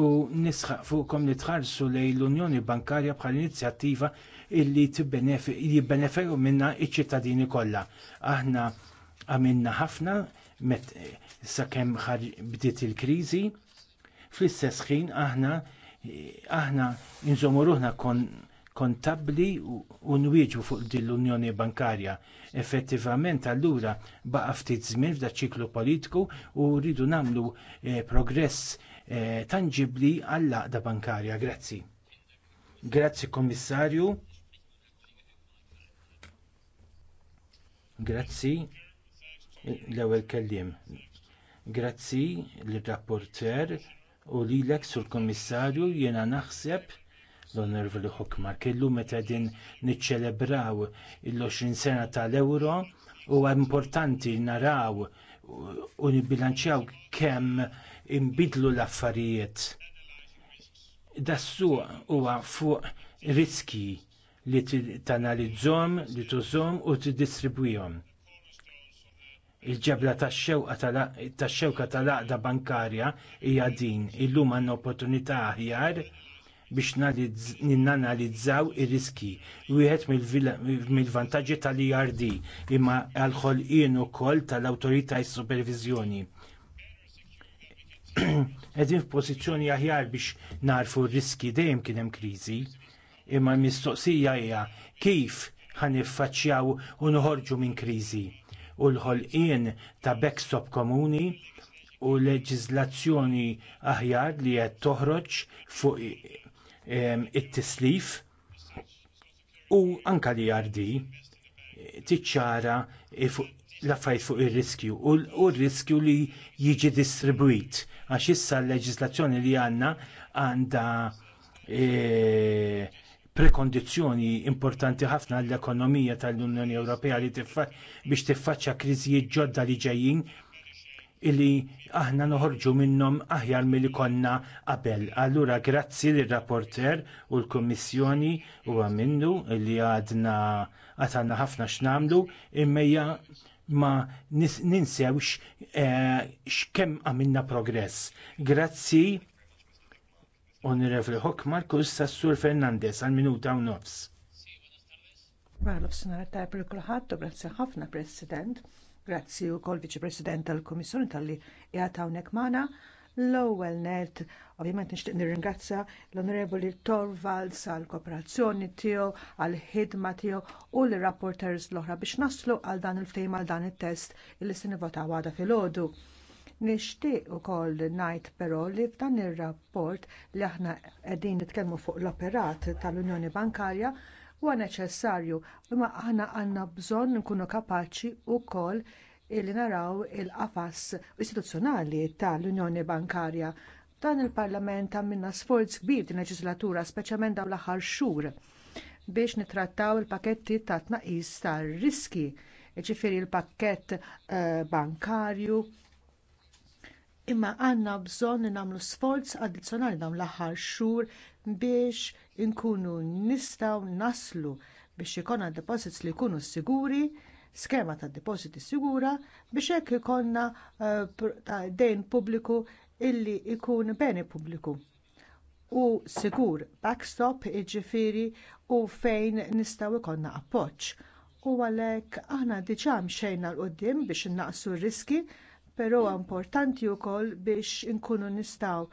u nisħaq fuqkom li tħarsu lejn l-Unjoni Bankarja bħal inizjattiva illi jibbeneferu minna iċ-ċittadini kollha. Aħna għamilna ħafna met sakemm bdiet il-kriżi, fl-istess ħin aħna aħna inżommu ruħna kon kontabli u nwieġu fuq din l-Unjoni Bankarja. Effettivament allura baqa ftit żmien fdaċ ċiklu politiku u rridu nagħmlu eh, progress Eh, tangibli għall-laqda bankarja. Grazzi. Grazzi Kommissarju. Grazzi l-ewwel kelliem. Grazzi l rapporter u lilek sur Kommissarju jiena naħseb l-Onorevoli Hokmar kellu meta din niċċelebraw il-20 sena tal-Euro u importanti naraw u nibbilanċjaw kemm imbidlu l-affarijiet. Dassu huwa fuq riski li tanalizzom, li tużom u tiddistribwihom. Il-ġebla tax-xewka tal laqda bankarja hija din illum għandna opportunità aħjar biex ninanalizzaw ir-riski. Wieħed mill-vantaġġi tal-IRD imma għal-ħolqien ukoll tal-awtorità supervizjoni f f'pożizzjoni aħjar biex narfu r-riski dejjem kien hemm kriżi, imma l-mistoqsija hija kif ħaniffaċċjaw u noħorġu minn kriżi u l-ħolqien ta' backstop komuni u leġiżlazzjoni aħjar li qed toħroġ fuq ehm, it-tislif u anke li jardi tiċċara l-affarijiet fuq ir-riskju u r-riskju li jiġi distribwit għax issa l-leġislazzjoni li għandna għandha e, prekondizzjoni importanti ħafna għall ekonomija tal-Unjoni Ewropea li tiffa biex tiffaċċja kriżijiet ġodda li ġejjin illi aħna noħorġu minnhom aħjar milli konna qabel. Allura grazzi lir rapporter u l-Kummissjoni u għamindu illi għadna għatanna ħafna x'namlu imma ma ninsewx eh, x'kemm għamilna progress. Grazzi Onorevoli Hockmar kus Sassur Fernandez għal minuta u nofs. Marlof sinar tajb li kulħadd u grazzi ħafna President. Grazzi wkoll Viċi President tal-Kummissjoni tal-li jgħat hawnhekk magħna L-ewwel net, ovvjament nixtieq nirringrazzja l-Onorevoli Torvalds għall kooperazzjoni tiegħu, għall ħidma tiegħu u l-rapporters l-oħra biex naslu għal dan il fejm għal dan it-test li se nivvotaw għadha filgħodu. Nixtieq ukoll ngħid però li f'dan ir-rapport li aħna qegħdin nitkellmu fuq l-operat tal-Unjoni Bankarja huwa neċessarju imma aħna għandna bżonn nkunu kapaċi wkoll illi naraw il-qafas istituzzjonali tal-Unjoni Bankarja. Dan il-Parlament għamilna sforz kbir din leġislatura, speċjalment dawn l-aħħar xhur biex nittrattaw il-paketti ta' tnaqqis tar riski, ġifiri il pakkett eh, bankarju. Imma għandna bżonn nagħmlu sforz addizzjonali dawn l-aħħar xhur biex inkunu nistgħu naslu biex ikonna deposits li jkunu siguri skema ta' depositi sigura biex hekk ikonna uh, dejn pubbliku illi jkun beni pubbliku u sigur backstop jiġifieri u fejn nistgħu jkollna appoġġ. U għalek aħna diġà xejna l qudiem biex innaqsu r-riski, però importanti wkoll biex inkunu nistgħu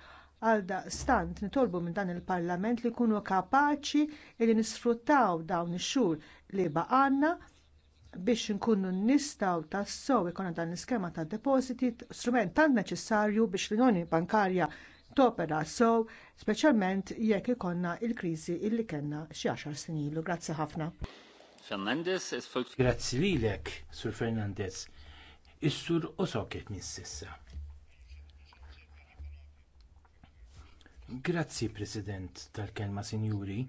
stant nitolbu minn dan il-Parlament li jkunu kapaċi li nisfruttaw dawn ix-xhur li baqanna biex inkunu nistgħu tassew ikonna dan l-iskema ta' depositi strument tant neċessarju biex l-Unjoni Bankarja topera s-sow, speċjalment jekk ikonna il-kriżi illi kellna xi għaxar snin ilu. Grazzi ħafna. Fernandez, Grazzi lilek, Sur Fernandez. Is-sur osoket mis-sissa. Grazzi President tal-kelma Sinjuri,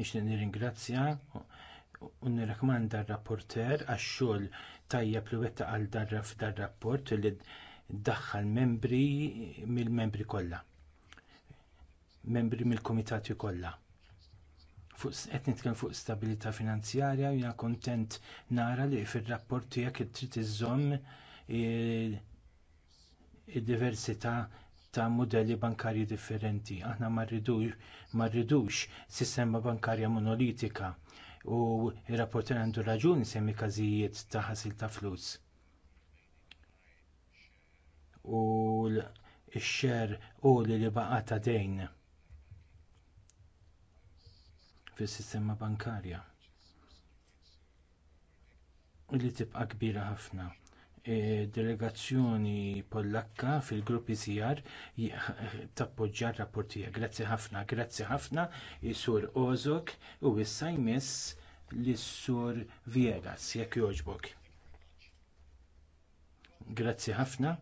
nixtieq nirringrazzja u nirrakmanda r-rapporter għax-xogħol tajjeb li wettaq għal darra f'dar rapport li ddaħħal membri mill-membri kollha. Membri mill-kumitati kollha. Qed nitkellem fuq stabilità finanzjarja jiena kuntent nara li fir-rapport tiegħek trid iżżomm e, id-diversità ta' mudelli bankarji differenti. Aħna ma rridux sistema bankarja monolitika u r-rapporter għandu raġuni semmi każijiet ta' ħasil ta' flus. U l-xer u li li baqa ta' dejn fis-sistema bankarja li tibqa' kbira ħafna delegazzjoni pollakka fil-grupp ICR tappoġġja r-rapport tiegħek. Grazzi ħafna, grazzi ħafna is-sur Ozok u issa jmiss lis-sur Viegas jekk jogħġbok. Grazzi ħafna.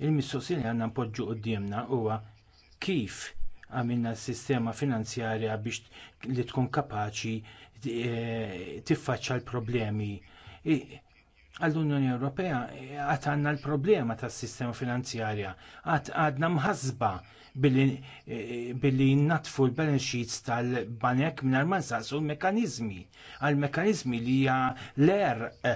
Il-mistoqsi li għandna npoġġu quddiemna huwa kif għamilna s-sistema finanzjarja biex li tkun kapaċi eh, tiffaċċa l-problemi għall-Unjoni Ewropea għad għandna l-problema tas sistema finanzjarja, għad għadna mħasba billi, e, billi natfu l-balance sheets tal-banek mingħajr ma nsaqsu l-mekanizmi, għal-mekanizmi li hija l-er e,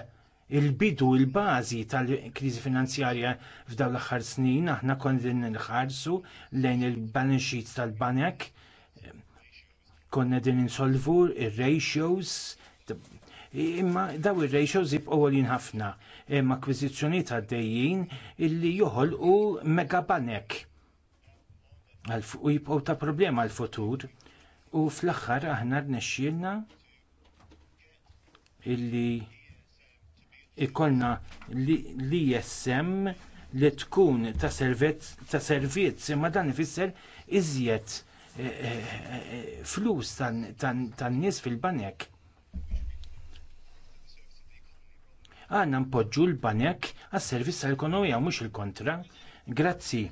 il-bidu, il bażi tal kriżi finanzjarja f'dawn l-aħħar snin, aħna konna nħarsu lejn il-balance sheets tal-banek, e, konna din insolvu ir ratios imma daw ir rejxo jibqgħu għolin ħafna imma ta' għaddejjin illi joħolqu megabanek u jibqgħu ta' problema għall futur u fl-aħħar aħna rnexxielna illi ikollna l-ISM li, tkun ta' servizz imma dan ifisser iżjed eh, eh, eh, flus tan-nies fil-banek. għandna npoġġu l-banek għas-servizz tal-ekonomija mhux il-kontra. Grazzi.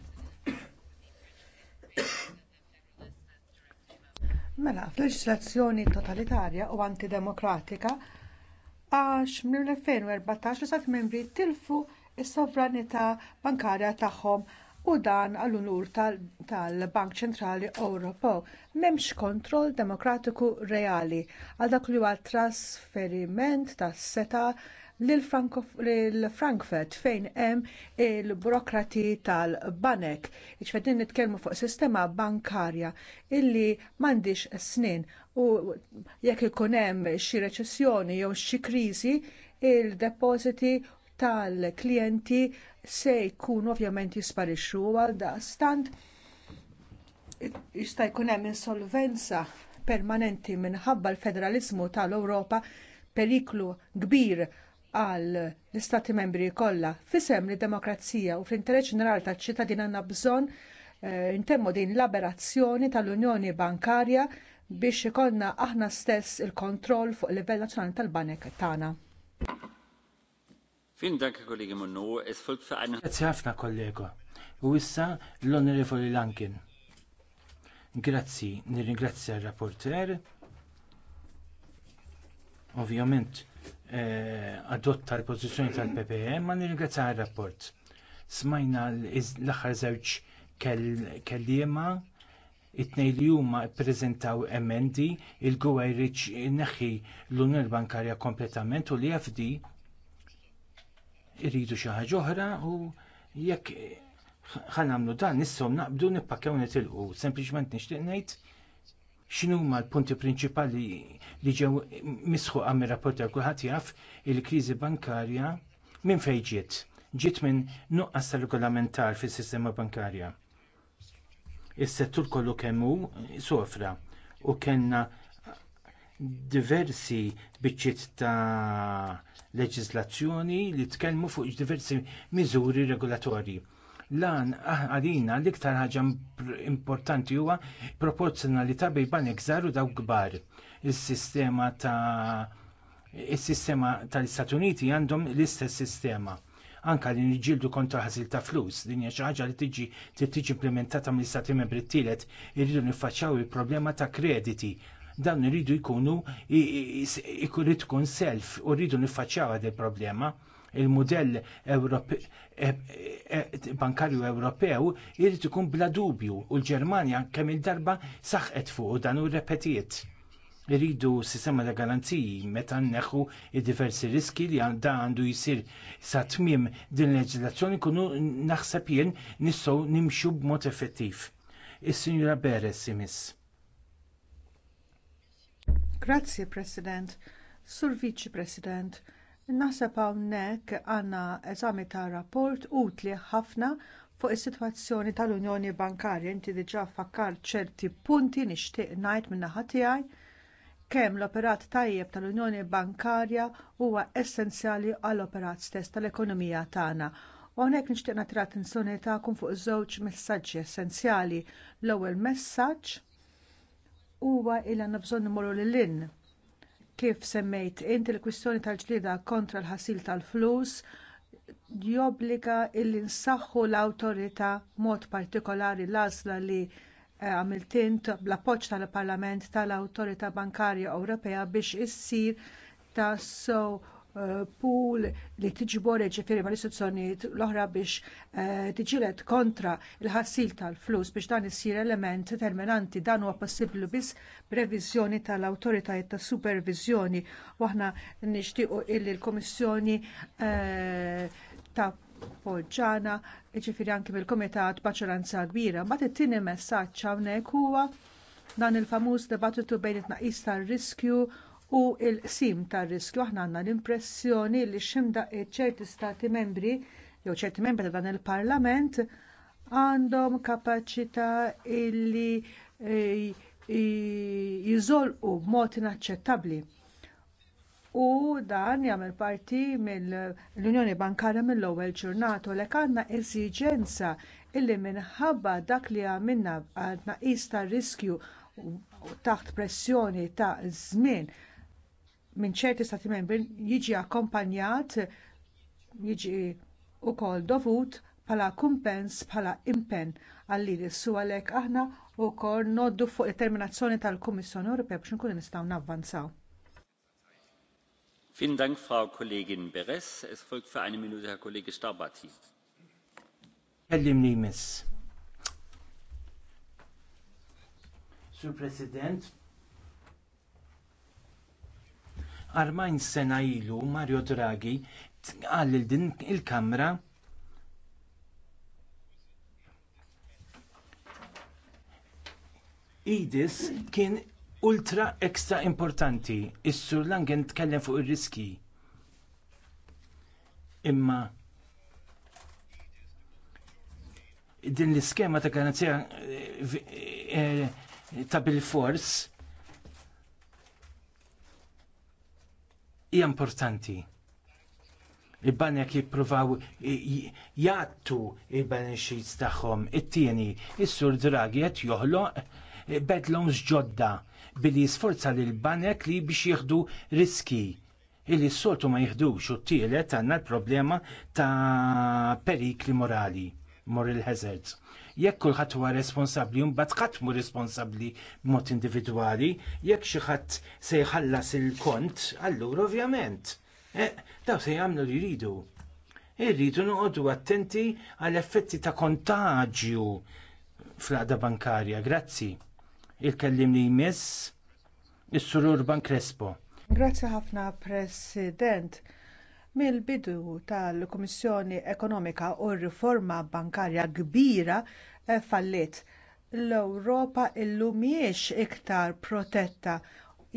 Mela, fl-leġislazzjoni totalitarja u antidemokratika għax mill-2014 l-istat membri tilfu s-sovranità bankarja tagħhom u dan għall-unur tal-Bank ċentrali Ewropew m'hemmx kontroll demokratiku reali għal dak li huwa trasferiment tas-seta' l-Frankfurt fejn hemm il-burokrati tal-banek. Iġfedin nitkellmu fuq sistema bankarja illi m'għandix snin u jekk ikun hemm xi reċessjoni jew xi kriżi il-depositi tal-klijenti se jkunu ovvjament jisparixxu għal daqstant jista' jkun hemm insolvenza permanenti minħabba l-federaliżmu tal-Ewropa periklu kbir għal l-istati membri kollha fisem li demokrazija u fl-interess ġenerali taċ-ċittadin għandna bżonn eh, intemmu din l-aberazzjoni tal-Unjoni Bankarja biex ikollna aħna stess il-kontroll fuq il livell nazzjonali tal-banek tagħna. Fin dank kollegi munnu, isfult fa' Grazie ħafna kollega, U issa l-onorevoli Lankin. Grazzi, nirringrazzja r rapporter Ovvjament, Eh, adotta l-pożizzjoni tal-PPE ma nirringrazzja r-rapport. Smajna l-aħħar żewġ kelliema it-tnejn li huma ppreżentaw emendi il-gwa jrid neħi l-Unjoni Bankarja kompletament u li FD irridu xi ħaġa oħra u jekk ħanamlu dan nissom naqbdu nippakkew nitilqu. Sempliċement nixtieq ngħid xinu ma l-punti prinċipali li ġew misħu għammi rapport għal kulħadd jaf il-kriżi bankarja minn fejn ġiet. Ġiet minn nuqqas regolamentar fis-sistema bankarja. Is-settur kollu kemm hu sofra u kellna diversi biċċiet ta' leġislazzjoni li tkellmu fuq diversi miżuri regolatorji lan ah, għalina l-iktar ħaġa importanti huwa proporzjonalità bejn banek żgħar u dawk kbar. Is-sistema ta' is-sistema tal-Istati Uniti għandhom l-istess sistema. Anke li niġġieldu kontra ħasil ta' flus, din hija xi ħaġa li tiġi tiġi implementata mill-Istati Membri tielet irridu niffaċċjaw il-problema ta' krediti dan iridu jkunu ikun tkun self u rridu niffaċċjaw għad il-problema il-modell e- e- e- bankarju Ewropew irid ikun bla dubju u l-Ġermanja kemm il-darba saħqet fuq dan u repetiet. Iridu sistema ta' garanziji meta nneħħu id-diversi riski li għandha għandu jsir sa tmiem din leġislazzjoni kunu naħseb jien nistgħu nimxu b'mod effettiv. Is-Sinjura Beres imis. Grazzi President. Sur Vice President, Naħseb hawnhekk għandna eżami ta' rapport utli ħafna fuq is-sitwazzjoni tal-Unjoni Bankarja. Inti diġà fakkar ċerti punti nixtieq ngħid min-naħa tiegħi kemm l-operat tajjeb tal-Unjoni Bankarja huwa essenzjali għall-operat stess tal-ekonomija tagħna. U hawnhekk nixtieq nagħti attenzjoni tagħkom fuq żewġ messaġġi essenzjali. L-ewwel messaġġ huwa il għandna bżonn nimorru lil hinn kif semmejt inti l-kwistjoni tal ġlieda kontra l-ħasil tal-flus jobbliga li nsaħħu l-awtorità mod partikolari l-għażla li eh, għamilt int bl-appoġġ tal-Parlament tal awtorita Bankarja Ewropea biex issir ta' so pool li tiġbor ġifiri mal istituzzjonijiet l-oħra biex eh, tiġilet kontra il-ħassil tal-flus biex dan isir element determinanti dan huwa possibbli biss b'reviżjoni tal-awtoritajiet ta' superviżjoni u aħna nixtiequ illi l-Kummissjoni eh, tappoġġana ġifiri anki mill-Kumitat b'aċċoranza kbira. Mbagħad it-tieni messaġġ hawnhekk huwa dan il-famuż debattitu bejn it-tnaqqis tar-riskju u l-qsim tar-riskju aħna għandna l-impressjoni li ximda ċerti stati membri jew ċerti membri ta' dan il-Parlament għandhom kapaċità illi e, jiżolqu b'mod inaċċettabbli. U dan jagħmel parti mill-Unjoni Bankarja mill-ewwel ġurnata lek għandna eżiġenza illi minħabba dak li għamilna għal naqis tar riskju taħt pressjoni ta' żmien minn ċerti stati membri jiġi akkompanjat jiġi wkoll dovut bħala kumpens bħala impenn għallili su għalhekk aħna wkoll noddu fuq determinazzjoni tal-Kummissjoni Ewropea biex nkunu nistgħu navvanzaw. Vielen Dank, Frau Kollegin Beres. Es folgt für eine Minute Herr Kollege Stabati. Sur President, Armajn sena ilu Mario Draghi tqal li din il-Kamra Idis kien ultra ekstra importanti. Is-Sur Langen tkellem fuq ir-riski. Imma din l-iskema ta' garanzija eh, eh, ta' bil-fors hija importanti. Il-banek jippruvaw jattu il-balance tagħhom. It-tieni, is-sur Draghi qed joħloq eh, bedlons ġodda billi jisforza lill banek li biex jieħdu riski illi s-soltu ma jihdux u t-tielet għanna l-problema ta' perikli morali moral hazards. Jekk kulħadd huwa responsabbli mbagħad ħatmu responsabbli b'mod individwali, jekk xi ħadd se jħallas il-kont, allura ovvjament. Eh, daw se jagħmlu li jridu. Irridu noqogħdu attenti għall effetti ta' kontaġġju fl-għada bankarja. Grazzi. il kellimni jmiss is-surur Ban Crespo. Grazzi ħafna President Mill-bidu tal-Kummissjoni Ekonomika u r-riforma bankarja kbira eh, fallit. L-Ewropa illum mhijiex iktar protetta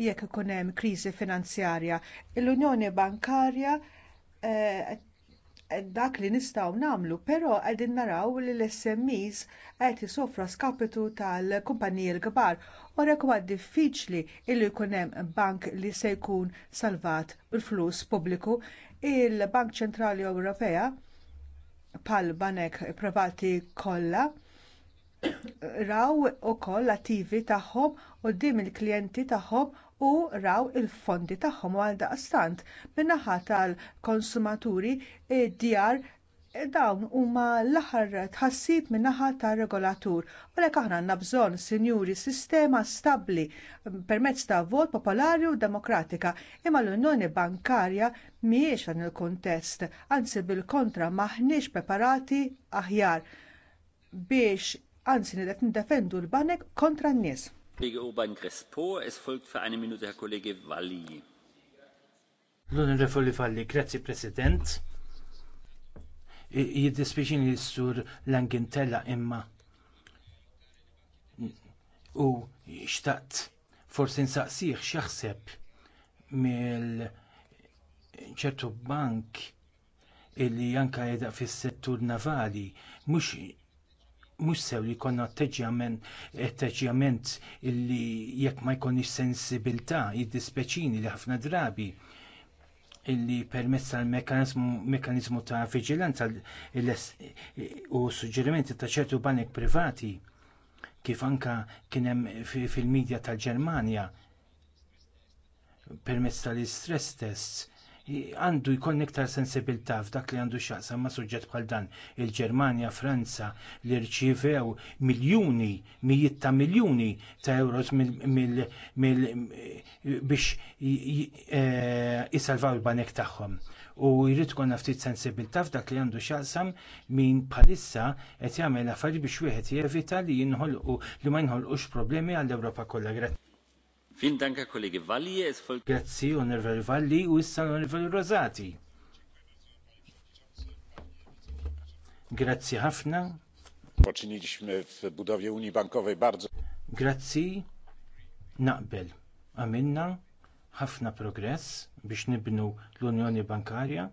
jekk ikun hemm kriżi finanzjarja. L-Unjoni Bankarja eh, dak li nistgħu nagħmlu, però qegħdin naraw li l-SMEs qed isofru skapitu tal-kumpaniji l-kbar u rek diffiċli li jkun hemm bank li se jkun salvat bil-flus pubbliku il-Bank Ċentrali Ewropea pal banek privati kollha raw ukoll attivi tagħhom quddiem il-klijenti tagħhom u raw il-fondi tagħhom għal daqstant min-naħa tal-konsumaturi djar dawn huma l-aħħar tħassib min-naħa tar-regolatur. U lek aħna għandna bżonn, sinjuri, sistema stabbli permezz ta' vot popolari u demokratika, imma l-Unjoni Bankarja mhijiex dan il-kuntest, anzi bil-kontra maħniex preparati aħjar biex anzi nidet nindefendu l-banek kontra n-nies. L-Onorevoli Falli, grazzi President jiddispiċini s-sur Langintella imma u xtaqt forsi nsaqsih x'jaħseb mill ċertu bank illi anke jedha fis-settur navali mhux mhux sew li jkollna atteġġjament illi jekk ma jkunx sensibilità jiddispeċini li ħafna drabi illi permezz tal-mekanizmu ta' viġilanza u suġġerimenti ta' ċertu banek privati kif anke kien hemm fil-medja tal-Ġermanja permezz tal-istress tests għandu jkun iktar sensibilta f'dak li għandu x'jaqsam ma' suġġett bħal dan. Il-Ġermanja, Franza li rċivew miljuni, mijiet ta' miljuni ta' euros biex e, jisalvaw il-banek tagħhom. U jrid tkun ftit sensibilta f'dak li għandu x'jaqsam min bħalissa qed jagħmel affarijiet biex wieħed jevita li jinħolqu li ma jinħolqux problemi għall-Ewropa kollha. Fin danka kollegi Valli e sfol. Grazzi, onorevoli Valli, u issa onorevoli Rosati. Grazzi ħafna. Poczyniliśmy w budowie Unii Bankowej bardzo. Grazzi, naqbel. Għamilna ħafna progress biex nibnu l-Unjoni Bankarja.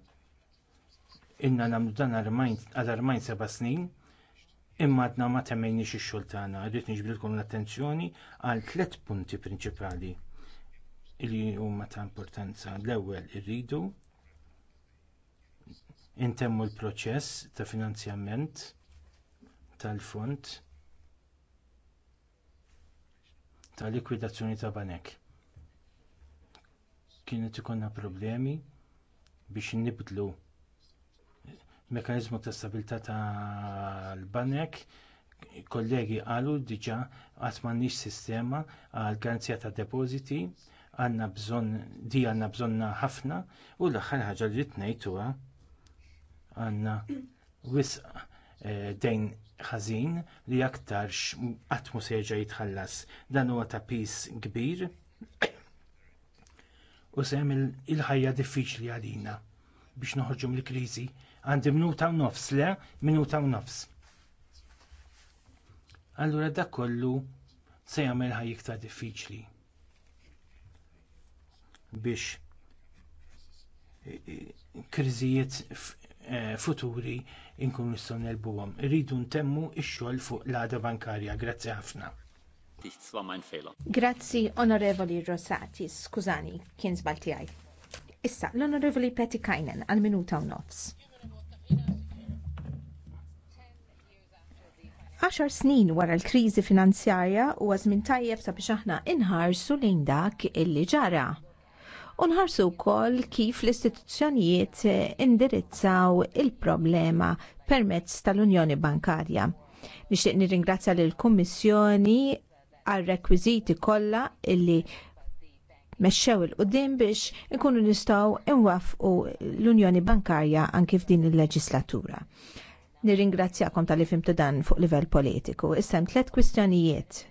Inna namlu dan għal-armajn seba snin imma għadna ma temmejni ix xogħol tagħna, rrid niġbidilkom l-attenzjoni għal tliet punti prinċipali li huma ta' importanza. L-ewwel irridu intemmu l-proċess ta' finanzjament tal-fond ta' likwidazzjoni ta' banek. Kienet ikonna problemi biex nibdlu mekanizmu ta' stabilità tal-banek, kollegi qalu diġà qatt m'għandniex sistema għall garanzija tad depożiti għandna di għandna bżonna ħafna u l-aħħar ħaġa li tnejtuha għandna wisq e, eh, dejn ħażin li aktarx qatt se jerġa' jitħallas. Dan huwa ta' pis kbir u se jagħmel il-ħajja diffiċli għalina biex noħorġu mill-kriżi Għandi minuta u nofs, le? Minuta u nofs. Allura dak kollu se jagħmel ħaj iktar diffiċli biex e, e, kriżijiet e, futuri inkun nistgħu nelbuhom. Irridu ntemmu x-xogħol fuq l-għada bankarja. Grazzi ħafna. Grazzi Onorevoli Rosati, skużani, kien żbalti Issa, l-Onorevoli Peti Kajnen, għal minuta u nofs. Għaxar snin wara l-kriżi finanzjarja huwa żmien tajjeb sabiex aħna inħarsu lejn dak illi ġara. U nħarsu wkoll kif l-istituzzjonijiet indirizzaw il-problema permezz tal-Unjoni Bankarja. Nixtieq nirringrazzja lill-Kummissjoni għal rekwiżiti kollha illi mexxew il-qudiem biex inkunu nistgħu nwaffqu l-Unjoni Bankarja anke f'din il-leġislatura. Nirringrazzjakom tal-li fimtu dan fuq livell politiku. Issem tlet kwistjonijiet.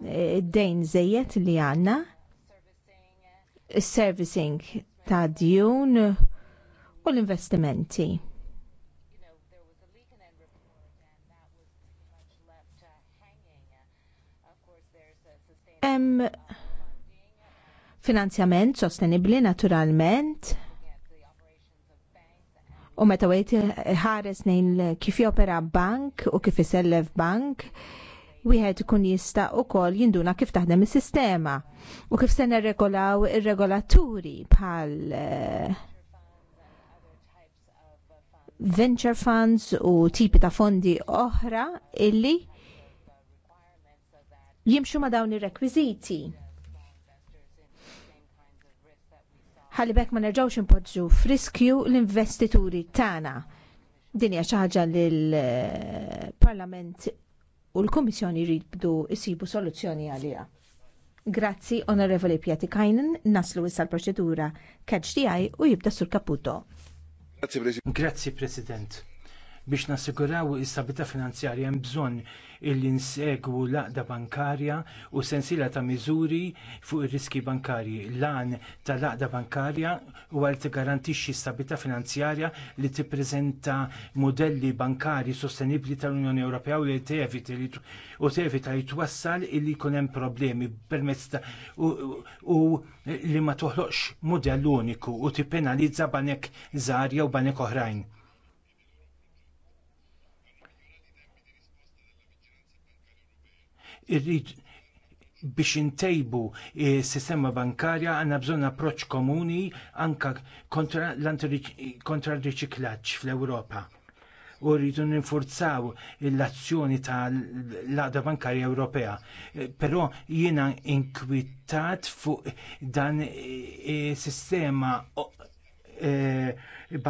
E, dejn zejiet li għanna, servicing ta' djun u l-investimenti. Hemm finanzjament sostenibbli naturalment U meta għajt ħares nejn kif jopera bank u kif isellef bank, wieħed ikun jista' ukoll jinduna kif taħdem is-sistema u kif se nirregolaw ir-regolaturi bħal eh, venture funds u tipi ta' fondi oħra illi jimxu ma' dawn ir-rekwiżiti. ħalli bekk ma nerġawx impoġġu friskju l-investituri tagħna. Din hija xi ħaġa li l-Parlament u l-Kummissjoni jridu jisibu soluzzjoni għaliha. Grazzi Onorevoli Pieti Kajnen, naslu issa l-proċedura catch DI u jibda sur Caputo. Grazzi President. Grazie, President Biex nassiguraw is-stabilità finanzjarja hemm bżonn illi nsegwu l-aqda bankarja u sensiela ta' miżuri fuq ir-riski bankarji. Lan tal laqda bankarja u għal tigarantixxi stabilità finanzjarja li tippreżenta mudelli bankarji sostenibbli tal-Unjoni Ewropea u li tevita u tevita li twassal illi jkun hemm problemi permezz ta' u li ma toħloqx mudell uniku u tippenalizza banek żgħar jew banek oħrajn irrid biex intejbu s sistema bankarja għandna bżonn approċċ komuni anke kontra l-riċiklaġġ fl-Ewropa. U rridu ninfurzaw l-azzjoni tal-għada bankarja Ewropea. Però jiena inkwitat fuq dan is sistema bankarja e,